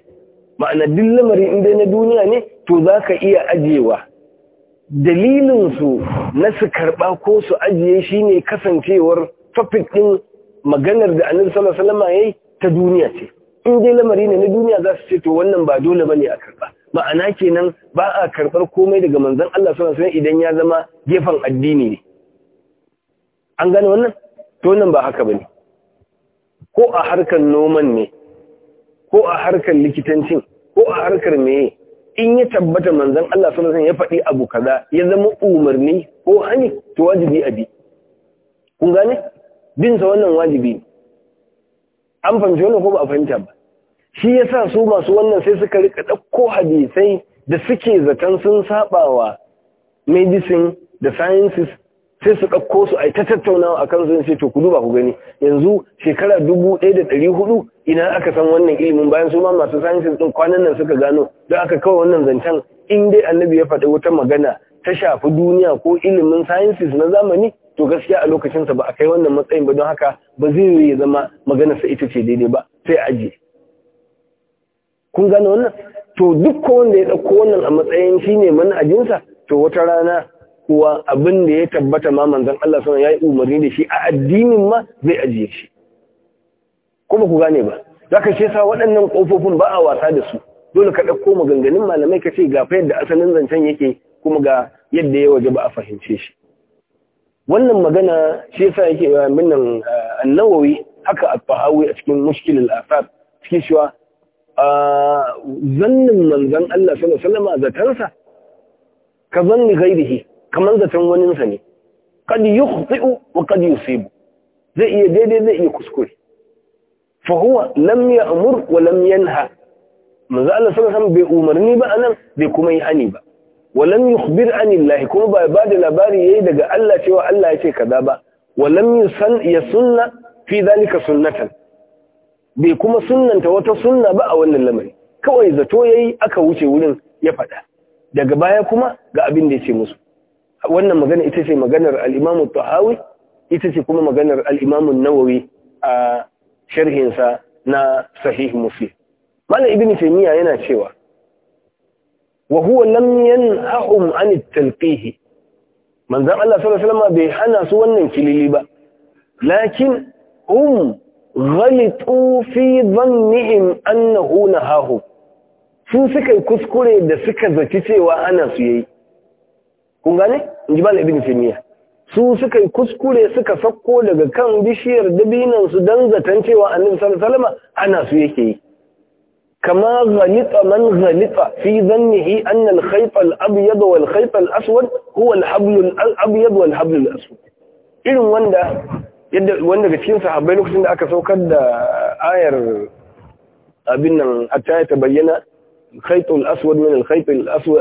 S1: ma'ana duk lamari in dai na duniya ne to za ka iya ajewa dalilinsu na su karɓa ko su ajiye shi ne kasancewar topic ɗin maganar da annabi sallallahu alaihi wasallam yayi ta duniya ce in dai lamari ne na duniya za su ce to wannan ba dole bane a karɓa ma'ana kenan ba a karɓar komai daga manzon Allah sallallahu alaihi wasallam idan ya zama gefen addini ne an gane wannan to wannan ba haka bane ko a harkar noman ne ko a harkar likitancin ko a harkar meye in ya tabbata manzan Allah sallallahu ya faɗi abu kaza ya zama umarni ko hani to wajibi a bi kun gane bin sa wannan wajibi an fahimci wannan ko ba a fahimta ba shi ya sa su masu wannan sai suka rika ɗauko hadisai da suke zaton sun sabawa medicine da sciences sai su ɗauko su a ta tattaunawa a kansu sai to ku duba ku gani yanzu shekara dubu ɗaya da ɗari hudu ina aka san wannan ilimin bayan su ma masu sayansu ɗin kwanan nan suka gano don aka kawai wannan zancen in dai annabi ya faɗi wata magana ta shafi duniya ko ilimin sciences na zamani to gaskiya a lokacinsa ba a kai wannan matsayin ba don haka ba zai yi ya zama sa ita ce daidai ba sai ajiye kun gano wannan to duk wanda ya ɗauko wannan a matsayin shi ne manhajinsa to wata rana kuwa abin da ya tabbata ma manzan Allah sallallahu ya yi umarni da shi a addinin ma zai ajiye shi kuma ku gane ba zaka ce sa waɗannan ƙofofin ba a wasa da su dole ka ɗauko maganganun malamai ka ce ga fa yadda asalin zancen yake kuma ga yadda ya waje ba a fahimce shi wannan magana shi yasa yake wa eh, nan eh, annawawi haka a a cikin mushkilul asar cikin shiwa eh, zannin manzan Allah sallallahu alaihi wasallam zatarsa ka zanni gairihi kamar zaton waninsa ne kad yukhti'u wa kad yusibu zai iya daidai zai iya kuskure fa huwa lam ya'mur wa lam yanha manzo Allah san bai umarni ba anan bai kuma yi hani ba wa lam yukhbir anillahi kuma ba ba da labari yayi daga Allah cewa Allah ya ce kaza ba wa lam yusan sunna fi dhalika sunnatan bai kuma sunnanta wata sunna ba a wannan lamari kawai zato yayi aka wuce wurin ya faɗa daga baya kuma ga abin da ya ce musu wannan magana ita ce maganar al’imamun imam tahawi ita ce kuma maganar alimamun nawawi a sharhinsa na Sahih Muslim Malam Ibn taimiya yana cewa wa huwa lam yanhahum an at-talqih Allah sallallahu alaihi wasallam bai hana su wannan kilili ba lakin hum ghalitu fi dhannihim annahu nahahu su suka kuskure da suka zaci cewa ana su yayi kun gane in ji malam ibn taymiya su suka yi kuskure suka sauko daga kan bishiyar dabinan su dan zaton cewa annabi sallallahu alaihi wasallam ana su yake yi kama ghalita man ghalita fi dhannihi anna al khayf al-abyad al-khayf al-aswad huwa al-habl al-abyad al habl al-aswad irin wanda yadda wanda ga cikin sahabbai lokacin da aka saukar da ayar abin nan a ta bayyana? الخيط الأسود من الخيط الأسود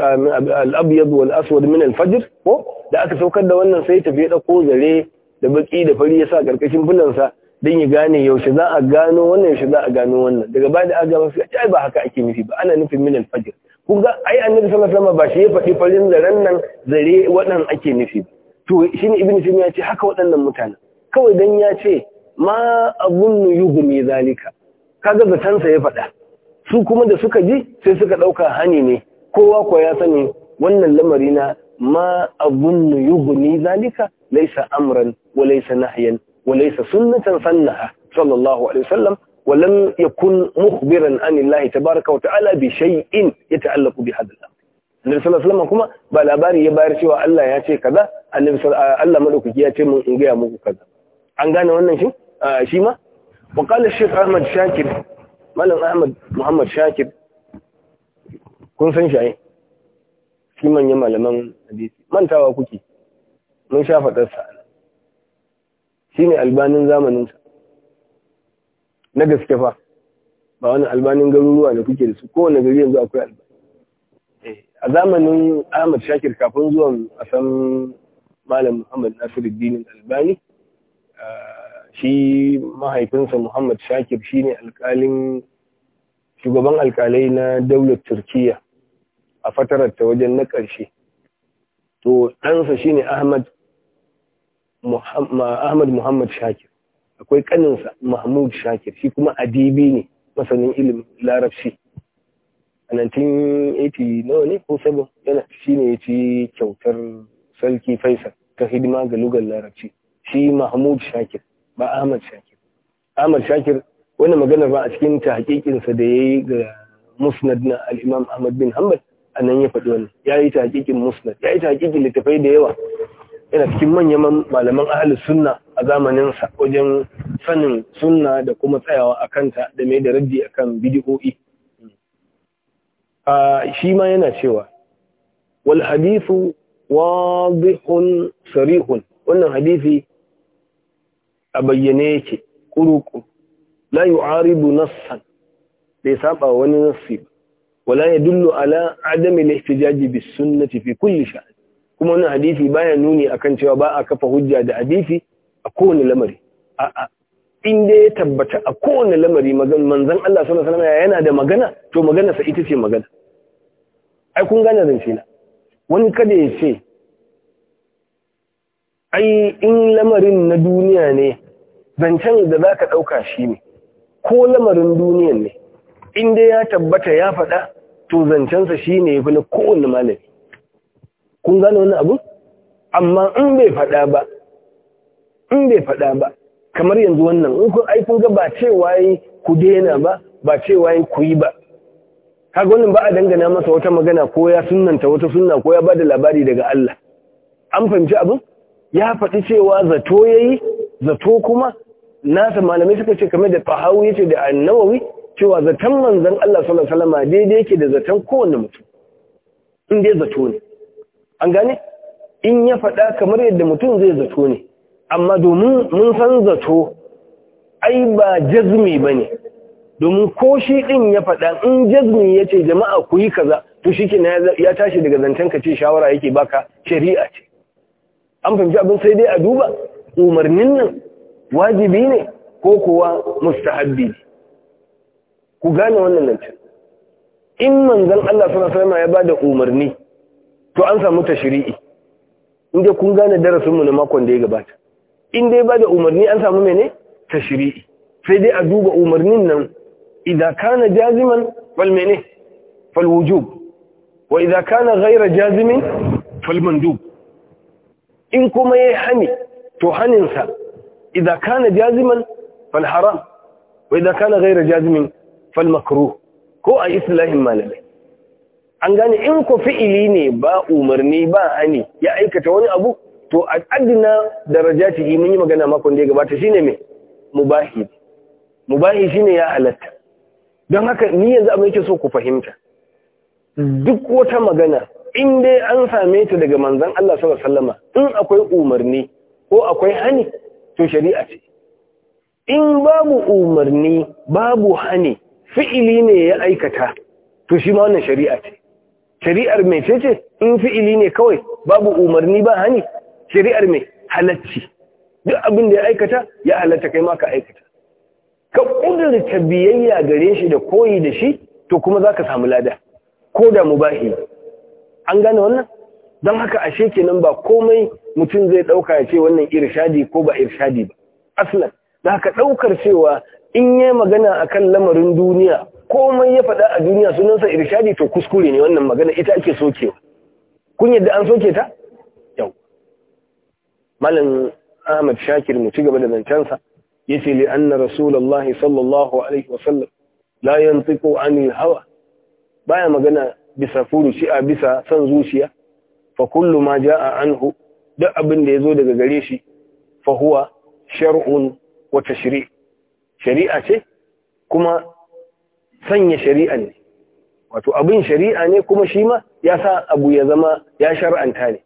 S1: الأبيض والأسود من الفجر ko da aka saukar da wannan sai tafi ko zare da baki da fari ya sa ƙarƙashin fulansa don ya gane yaushe za a gano wannan yaushe za a gano wannan daga baya da aga masu ai ba haka ake nufi ba ana nufin min alfajir kun ga ai annabi sallallahu alaihi wasallam ba shi ya faɗi farin zaren nan zare waɗannan ake nufi to shine ibn sina ya ce haka waɗannan mutanen kawai dan ya ce ma abun yuhmi zalika kaga zatansa ya faɗa su kuma da suka ji sai suka ɗauka hani ne kowa kuwa ya sani wannan lamari na ma abun yughni zalika laisa amran wa laisa nahyan wa laisa sunnatan sannaha sallallahu alaihi wasallam wa lam yakun mukhbiran an Allah tabaraka wa ta'ala bi shay'in yata'allaqu bi hadha Annabi sallallahu alaihi wasallam kuma ba labari ya bayar cewa Allah ya ce kaza Annabi Allah madaukaki ya ce mun in ga muku kaza an gane wannan shi ah, shi ma wa qala Sheikh Ahmad Shakir malam ahmad muhammad shakir kun san shi ai shi manyan malaman hadisi mantawa kuke mun sha faɗarsa shi ne albanin zamaninsa na gaske fa ba wani albanin garuruwa da kuke da su kowane gari yanzu akwai albani a zamanin ahmad shakir kafin zuwan a san malam muhammad nasiruddin albani shi mahaifinsa Muhammad Shakir shine alƙalin shugaban alƙalai na daular Turkiyya a fatararta wajen na ƙarshe to ɗansa shine Ahmad Ahmad Muhammad Shakir akwai ƙaninsa Mahmud Shakir shi kuma adibi ne masanin ilimin larabci a 1980 nawa ne ko sabon yana shi ne ya ci kyautar sarki faisal ta hidima ga lugar larabci shi mahmud shakir ba Ahmad Shakir Ahmad Shakir wani maganar ba a cikin tahqiqinsa da yayi ga Musnad na al Ahmad bin a nan ya faɗi wannan yayi tahqiqin Musnad ya yayi tahqiqin littafai da yawa yana cikin manyan malaman ahlus sunna a zamaninsa wajen sanin sunna da kuma tsayawa a kanta da mai da raddi akan bid'o'i a shi ma yana cewa wal hadithu wadihun sarihun wannan hadisi a bayyane yake ƙuruƙu la ƙaribu nassan bai saba wani nassi ba wala dullu ala adami fi jaji bi sunnati fi kulli sha'n kuma wani hadisi baya nuni a kan cewa ba a kafa hujja da hadisi a kowane lamari a'a in dai ya tabbata a kowane lamari manzan Allah sallallahu alaihi wasallam yana da magana to magana sa ita ce magana ai kun gane zance na wani kada ya ce ai in lamarin na duniya ne zancen da za ka ɗauka shi ne ko lamarin duniyan ne in ya tabbata ya faɗa to zancensa shi ne ya fi na kowane malami kun gane wani abu amma in bai faɗa ba in bai faɗa ba kamar yanzu wannan in kun ai ga ba cewa yi ku daina ba ba cewa yi ku yi ba kaga wannan ba a dangana masa wata magana ko ya sunnanta wata sunna ko ya ba da labari daga Allah an fahimci abin ya faɗi cewa zato ya yi. zato kuma nasa malamai suka ce kamar da fahawu ce da annawawi cewa zaton manzan Allah sallallahu alaihi wasallam daidai yake da zaton kowanne mutum in dai zato ne an gane in ya faɗa kamar yadda mutum zai zato ne amma domin mun san zato ai ba jazmi ba ne. domin ko shi din ya faɗa in jazmi ya ce jama'a ku yi kaza to shi na ya tashi daga zancen ka ce shawara yake baka shari'a ce an fahimci abin sai dai a duba umarnin nan wajibi ne ko kuwa mustahabbi ku gane wannan nan in manzon Allah sallallahu alaihi wasallam ya bada umarni to an samu tashri'i inda kun gane darasin mu na makon da ya gabata in dai bada umarni an samu mene tashri'i sai dai a duba umarnin nan idan kana jaziman fal mene fal wujub wa idan kana ghaira jazimin fal mandub in kuma ya hani to haninsa idan kana jaziman fal haram wa idan kana ghayra jazimin fal makruh ko a islahin malamai an gane in ku fi'ili ne ba umarni ba hani ya aikata wani abu to a adina darajati mun yi magana makon da ya gabata shine me mubahi mubahi shine ya halatta don haka ni yanzu abin yake so ku fahimta duk wata magana in dai an same ta daga manzon Allah sallallahu alaihi wasallama in akwai umarni ko akwai hani to shari'a ce in babu umarni babu hani fi'ili ne ya aikata to shi ma wannan shari'a ce shari'ar mai ce ce in fi'ili ne kawai babu umarni ba hani shari'ar mai halacci duk abin da ya aikata ya halatta kai ma ka aikata ka kudurta biyayya gare shi da koyi da shi to kuma za ka samu lada ko da mubahi an gane wannan don haka ashe kenan ba komai mutum zai ɗauka ya ce wannan irshadi ko ba irshadi ba aslan da haka ɗaukar cewa in yi magana a kan lamarin duniya komai ya faɗa a duniya sunansa irshadi to kuskure ne wannan magana ita ake sokewa kun yadda an soke ta yau malam ahmad shakir mu ci gaba da zancensa ya ce li anna rasulullahi sallallahu alaihi wasallam la yantiqu anil hawa baya magana bisa furuci a bisa san zuciya fa kullu ma jaa anhu duk abin da yazo daga gare shi fa huwa shar'un wa tashri' shari'a ce kuma sanya shari'a ne wato abin shari'a ne kuma shi ma ya sa abu ya zama ya shar'anta ne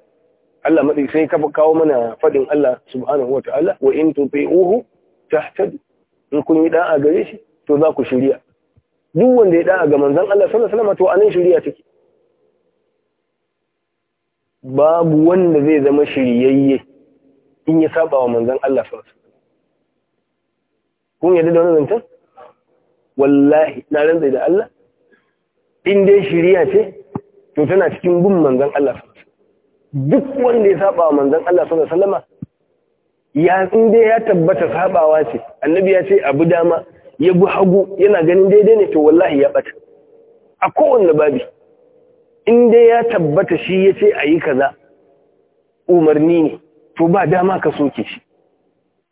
S1: Allah madai sai ka kawo mana fadin Allah subhanahu wa ta'ala wa in tuti'uhu tahtadu in kun yi da'a gare shi to za ku shari'a. duk wanda ya da'a ga manzon Allah sallallahu alaihi wasallam to anan shari'a take babu wanda zai zama shiryayye in ya saba wa manzan Allah sallallahu kun yadda da wani zantar wallahi na rantsa da Allah in dai shiriya ce to tana cikin gun manzan Allah duk wanda ya saba wa manzan Allah sallallahu salama, ya in dai ya tabbata sabawa ce annabi ya ce abu dama ya bu hagu yana ganin daidai ne to wallahi ya ɓata. a kowanne babi in dai ya tabbata shi ya ce a yi kaza umarni ne to ba dama ka soke shi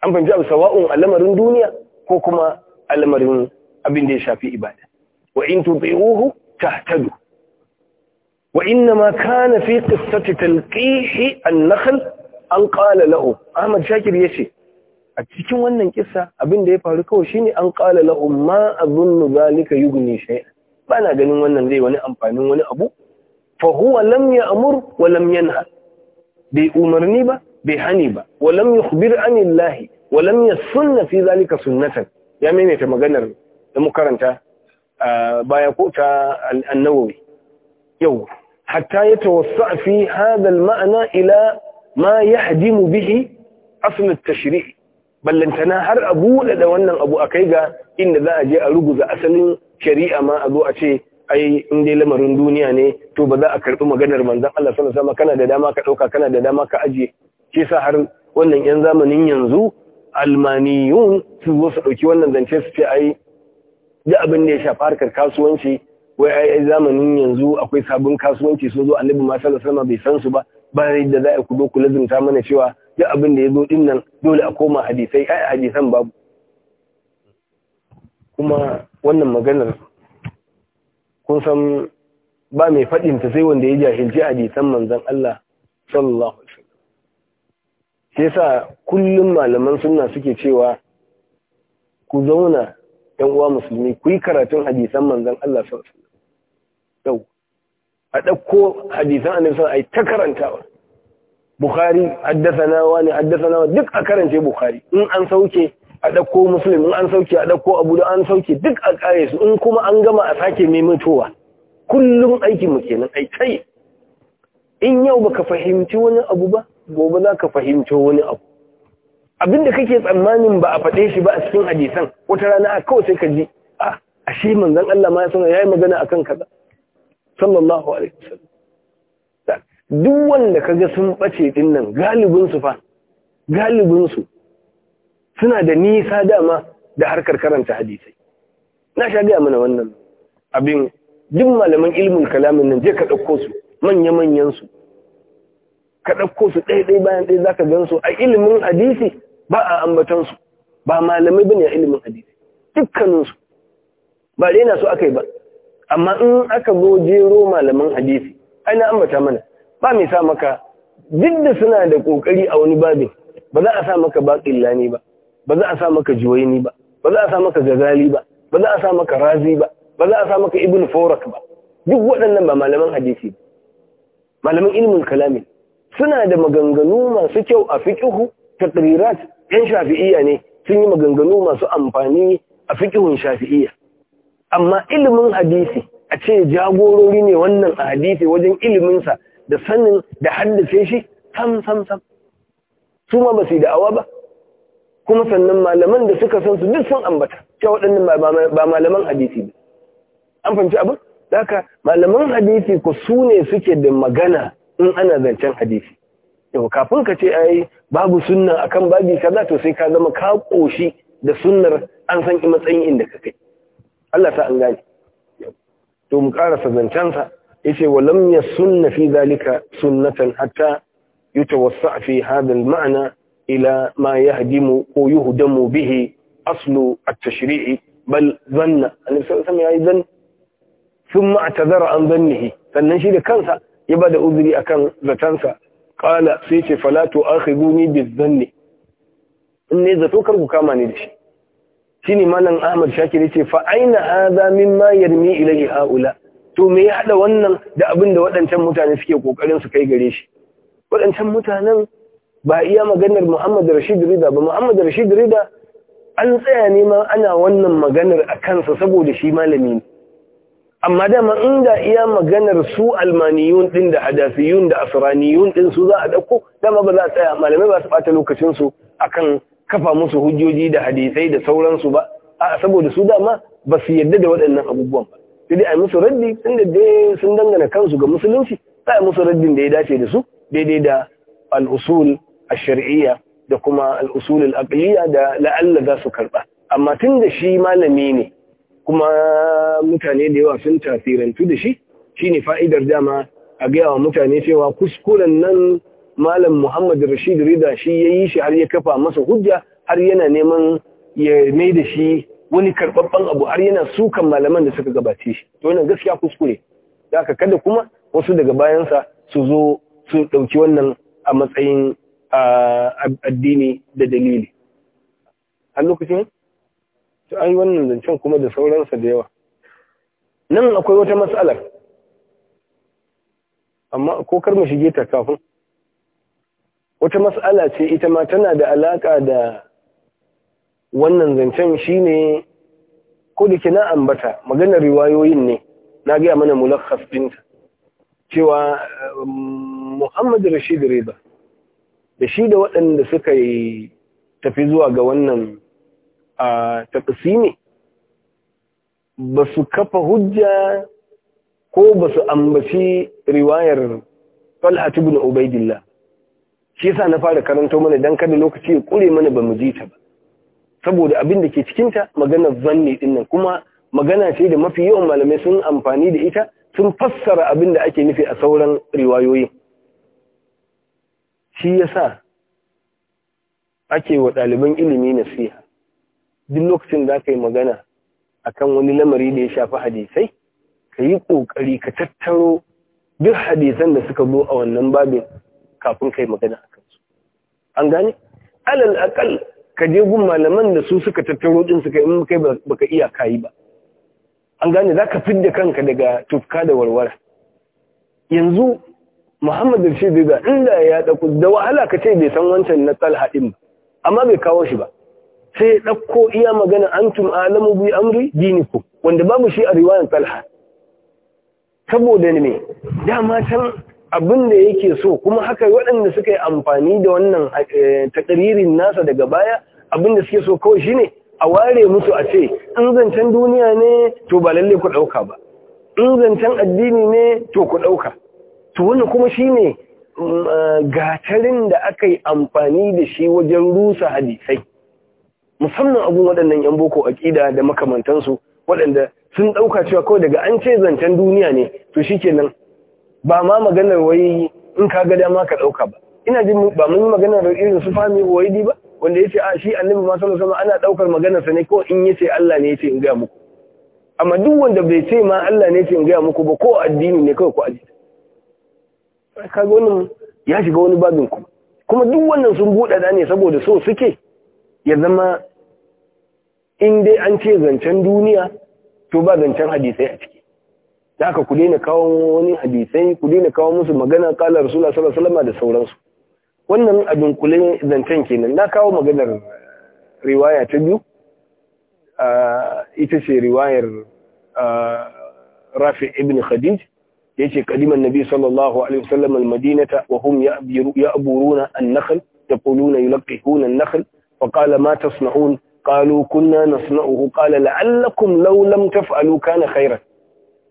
S1: an fahimci abu sawa'un lamarin duniya ko kuma al'amarin abin da ya shafi ibada wa in ta tahtadu wa inna ma ka na fi qissati talqihi an-nakhl an ƙala Ahmad Shakir ya ce. a cikin wannan kisa, abin da ya faru kawai shine an ƙala lahu ma azunnu zalika shai. Ba na ganin wannan zai wani amfanin wani abu fa huwa lam ya'mur wa lam yanha bai umarni ba bai hani ba wa lam yukhbir anillahi wa lam yasunna fi zalika sunnatan ya maimaita maganar da mu karanta baya ko ta yau hatta ya tawassa fi hada al-ma'na ila ma yahdimu bihi asl at-tashri' ballantana har a buɗe da wannan abu a kai ga inda za a je a ruguza asalin shari'a ma a zo a ce ai in dai lamarin duniya ne to ba za a karbi maganar manzon Allah sallallahu alaihi wasallam kana da dama ka dauka kana da dama ka ajiye ke sa har wannan yan zamanin yanzu almaniyun su zo su ɗauki wannan zance su ce ai da abin da ya shafi harkar kasuwanci wai ai zamanin yanzu akwai sabon kasuwanci sun zo annabi ma sallallahu alaihi bai san su ba ba da za a ku zo ku lazumta mana cewa duk abin da ya zo din dole a koma hadisai ai hadisan babu kuma wannan maganar kun san ba mai faɗinta sai wanda ya jahilci hadisan manzan Allah sallallahu alaihi wasallam sai sa kullum malaman sunna suke cewa ku zauna ɗan uwa musulmi ku yi karatun hadisan manzan Allah sallallahu alaihi wasallam yau a ɗauko hadisan annabi sallallahu alaihi ta karantawa Bukhari haddasa ne, haddasa duk a karance Bukhari in an sauke a ɗauko musulun an sauke a ɗauko abu da an sauke duk a ƙare su in kuma an gama a sake maimaitowa kullum aiki mu kenan ai kai in yau baka fahimci wani abu ba gobe za ka fahimci wani abu abinda kake tsammanin ba a faɗe shi ba a cikin hadisan wata rana a kawai sai ka ji a ah, ashe manzon Allah ma ya sanar yayi magana akan kaza sallallahu alaihi wasallam duk wanda kaga sun bace din nan galibin su fa galibin su suna da nisa dama da harkar karanta hadisai na sha gaya mana wannan abin duk malaman ilmin kalamin nan je ka ɗauko su manya-manyan su ka ɗauko su ɗaiɗai bayan ɗaya zaka gan su a ilimin hadisi ba a ambatan ba malamai bane a ilimin hadisi dukkanin su ba daina su aka yi ba amma in aka zo jero malaman hadisi ai na ambata mana ba mai sa maka duk da suna da kokari a wani babin ba za a sa maka baƙin lani ba ba za a sa maka juwaini ba ba za a sa maka gazali ba ba za a sa maka razi ba ba za a sa maka ibn forak ba duk waɗannan ba malaman hadisi ba malaman ilimin kalami suna da maganganu masu kyau a fiƙihu taqrirat yan shafi'iyya ne sun yi maganganu masu amfani a fiƙihun shafi'iya. amma ilimin hadisi a ce jagorori ne wannan a hadisi wajen iliminsa da sanin da haddace shi sam sam sam su ma ba su yi da'awa ba kuma sannan malaman da suka san su duk sun ambata cewa waɗannan ba malaman hadisi ba an fahimci abin haka malaman hadisi ku su ne suke da magana in ana zancen hadisi yau kafin ka ce ai babu sunna akan babi kaza to sai ka zama ka koshi da sunnar an san ki matsayin inda ka kai Allah sa an gane to mu karasa zancen sa yace wa lam yasunna fi zalika sunnatan hatta yutawassa fi hadha ma'ana. ila ma yahdimu ko yuhdamu bihi aslu at-tashri'i bal zanna annabi sallallahu alaihi wasallam yayi zanna ثم an zanne ظنه sannan shi da kansa ya ba da uzuri akan zatansa qala sai ce fala tu'akhiduni bizanni in ne zato kar ku kama ni da shi shine malam Ahmad Shakir ce. fa aina hadha mimma yarmi ilayhi haula to me ya haɗa wannan da abin da waɗancan mutane suke kokarin su kai gare shi waɗancan mutanen ba iya maganar Muhammad Rashid Rida ba Muhammad Rashid Rida an tsaya neman ana wannan maganar a kansa saboda shi malami ne amma dama inda iya maganar su almaniyun din da hadasiyun da asraniyun din su za a dauko dama ba za a tsaya malamai ba su bata lokacin su akan kafa musu hujjoji da hadisai da sauransu ba a saboda su dama ba su yarda da waɗannan abubuwan ba sai dai a musu raddi tunda dai sun dangana kansu ga musulunci sai a musu raddin da ya dace da su daidai da al-usul الشرعية da kuma al'usulul aqliya da la'alla za su karɓa. Amma tun da shi malami ne, kuma mutane da yawa sun tasirantu da shi, shine fa'idar dama a gaya wa mutane cewa kuskuren nan Malam Muhammad Rashid Rida shi ya yi shi har ya kafa masa hujja har yana neman ya mai da shi wani karɓaɓɓen abu har yana sukan malaman da suka gabace shi. To yana gaskiya kuskure. Da kada kuma wasu daga bayansa su zo su ɗauki wannan a matsayin addini da dalili a lokacin to an yi wannan zancen kuma da sauransa da yawa nan akwai wata matsalar amma ko kar mu shige ta kafin wata matsala ce ita ma tana da alaka da wannan zancen shine ko da na ambata maganar riwayoyin ne na gaya mana mulakhas ɗinta cewa eh, Muhammadu Rashid Reza da shi da waɗanda suka yi tafi zuwa ga wannan a ne ba su kafa hujja ko ba su ambaci riwayar falhati bin ubaidillah shi yasa na fara karanto mana dan kada lokaci ya kure mana ba mu ji ta ba saboda abin da ke cikinta magana zanni din nan kuma magana ce da mafi yawan malamai sun amfani da ita sun fassara abin da ake nufi a sauran riwayoyin shi yasa ake wa ɗaliban ilimi nasiha duk lokacin da aka yi magana akan wani lamari da ya shafi hadisai ka yi ƙoƙari ka tattaro duk hadisan da suka zo a wannan babin kafin ka yi magana a kansu an gane alal akal ka je gun malaman da su suka tattaro ɗin suka in kai baka iya kayi ba an gane za ka fidda kanka daga tufka da warware. yanzu Muhammad Rashid ga inda ya dauko da wahala ka ce bai san wancan na Talha din amma bai kawo shi ba sai ya dauko iya magana antum alamu bi amri dinikum wanda babu shi a riwayan Talha saboda ne dama can abin da yake so kuma haka waɗanda suka yi amfani da wannan eh, takaririn nasa daga baya abin da suke so kawai shine a ware musu a ce in zancen duniya ne to ba lalle ku ɗauka ba in zancen addini ne to ku ɗauka to wannan kuma shine mm, eh, gatarin da aka yi amfani da shi wajen rusa hadisai musamman abun waɗannan yan boko ƙida da makamantansu waɗanda sun ɗauka cewa kawai daga an ce zancen duniya ne to shi kenan ba ma maganar wai in ka ga dama ka ɗauka ba ina jin ba mun yi maganar irin su fami waidi ba wanda ya ce a shi annabi ma sallallahu alaihi ana ɗaukar maganarsa ne ko in yace Allah ne yace in ga muku amma duk wanda bai ce ma Allah ne yace in ga muku ba ko addini ne kawai ko addini ya shiga wani babin ku kuma duk wannan sun buɗaɗa ne saboda so suke ya zama in dai an ce zancen duniya to ba zancen hadisai a ciki da aka ku daina kawo wani hadisai ku daina kawo musu magana kala rasula sallallahu da sauransu wannan abin kule zancen kenan na kawo maganar riwaya ta biyu ah, ita ce riwayar ah, rafi ibn khadij ya ce qadiman nabi sallallahu alaihi wasallam almadinata wa hum ya'buruna an-nakhl yaquluna yulqihuna an-nakhl fa qala ma tasna'un qalu na nasna'uhu qala la'allakum laulam ta taf'alu kana khairan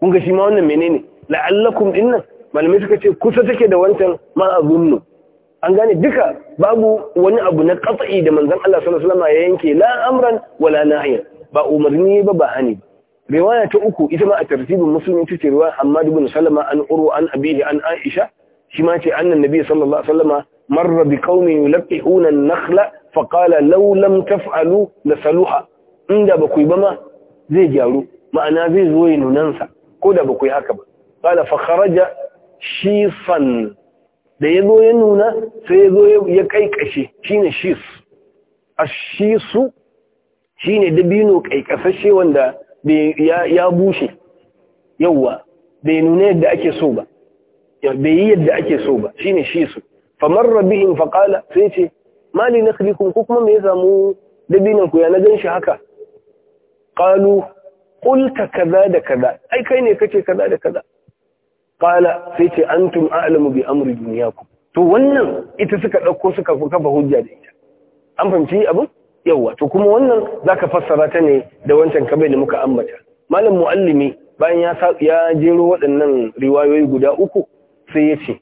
S1: kun ga shi ma wannan menene la'allakum dinnan malamai suka ce kusa take da wancan ma zunnu. an gane duka babu wani abu na qat'i da manzon Allah sallallahu alaihi wasallam ya yanke la amran wala nahya ba umarni ba ba hani ba riwaya ta uku ita ma a tartibin ta ce riwaya Hammad ibn Salama an uru an Abihi an Aisha shi ma ce annan nabi sallallahu alaihi wasallama marra bi qaumin yulqihuna an-nakhla fa qala law lam taf'alu la saluha inda ba ku yi ba ma zai gyaru ma'ana zai zo yi nunansa ko da ba ku yi haka ba qala fa kharaja shifan da ya zo ya nuna sai ya zo ya kaikashe shine shis ashisu shine dabino kaikasashe wanda ya bushe yawwa bai nuna yadda ake so ba bai yi yadda ake so ba shine shi su famar rabihin faƙala sai ce mali na khilikun ko kuma me ya samu dabinan ku ya na gan shi haka Ƙalu, ƙulta kaza da kaza ai kai ne kace kaza da kaza Ƙala sai ce an antum a'lamu bi amri ku. to wannan ita suka ɗauko suka kafa hujja da ita an fahimci abin yawa to kuma wannan zaka fassara ta ne da wancan kamar da muka ambata malam muallimi bayan ya jero waɗannan riwayoyi guda uku sai ya ce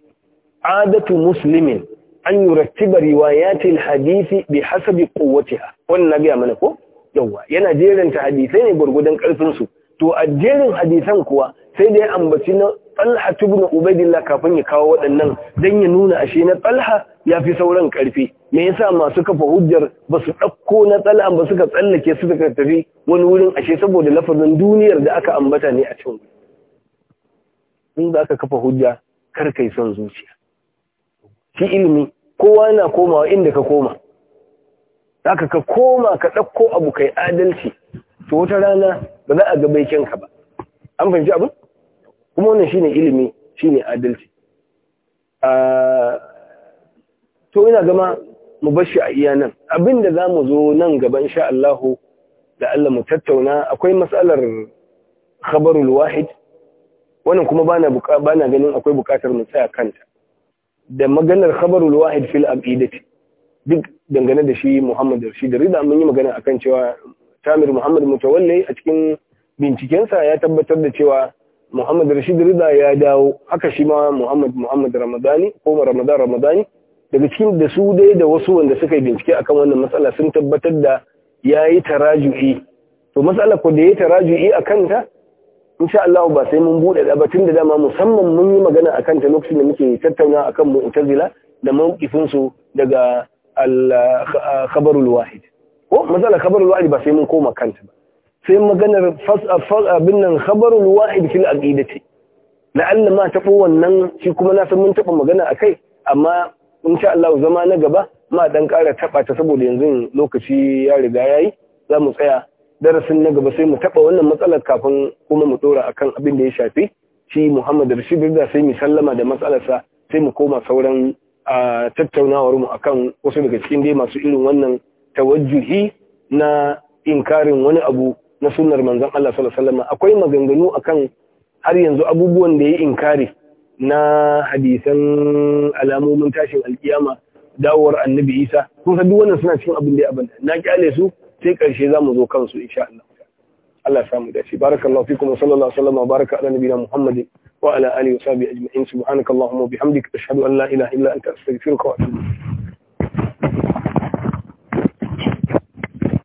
S1: adatu muslimin an yurattiba riwayatil hadisi bi hasabi quwwatiha wannan nabi mana ko Yawwa, yana jeranta hadisai ne gurgudan karfin su to a jerin hadisan kuwa sai dai ambaci na Talha ibn Ubaidillah kafin ya kawo waɗannan don ya nuna ashe na tsalha ya fi sauran ƙarfi me yasa masu kafa hujjar ba su ɗauko na tsalha ba suka tsallake su suka tafi wani wurin ashe saboda lafazin duniyar da aka ambata ne a cikin in za ka kafa hujja kar kai son zuciya shi ilimi kowa na komawa inda ka koma zaka ka koma ka ɗauko abu kai adalci to wata rana ba za a ga baikinka ba an fahimci abin kuma wannan shine ilimi shine adalci to ina gama mu bar shi a iya nan abinda za mu zo nan gaba insha Allahu da Allah mu tattauna akwai matsalar khabarul wahid wannan kuma bana bana ganin akwai bukatar mu tsaya kanta da maganar khabarul wahid fil abidati duk dangane da shi Muhammad Rashid Rida mun yi magana akan cewa Tamir Muhammad Mutawalli a cikin bincikensa ya tabbatar da cewa Muhammad Rashid Rida ya dawo haka shi ma Muhammad Muhammad Ramadani ko Ramadan Ramadani daga cikin da su dai da wasu wanda suka yi bincike akan wannan matsala sun tabbatar da yayi taraju'i to matsala ko da yayi taraju'i akan ta insha Allah ba sai mun bude da batun da dama musamman mun yi magana akan ta lokacin da muke tattauna akan mu'tazila da mawqifin su daga al-khabarul wahid ko matsala khabarul wahid ba sai mun koma kanta ba sai maganar abin nan khabarul wahid fil aqidati la'alla ma taɓo wannan shi kuma na san mun taɓa magana akai amma insha Allah zama na gaba ma dan ƙara taɓa ta saboda yanzu lokaci ya riga yayi za mu tsaya darasin na gaba sai mu taba wannan matsalar kafin kuma mu ɗora akan abin da ya shafi shi Muhammad Rashid da sai mu sallama da matsalarsa sai mu koma sauran tattaunawar mu akan wasu daga cikin dai masu irin wannan tawajjuhi na inkarin wani abu na sunnar manzon Allah sallallahu alaihi akwai maganganu akan har yanzu abubuwan da ya inkari na hadisan alamomin tashin alkiyama dawowar annabi Isa kun san duk wannan suna cikin abin da ya abanda na kyale su sai karshe zamu zo kansu insha Allah Allah samu shi. barakallahu fikum wa sallallahu alaihi wasallam wa baraka ala nabiyina Muhammadin wa ala alihi wa sahbihi ajma'in subhanakallahumma wa bihamdika ashhadu an la ilaha illa anta astaghfiruka wa atubu ilaik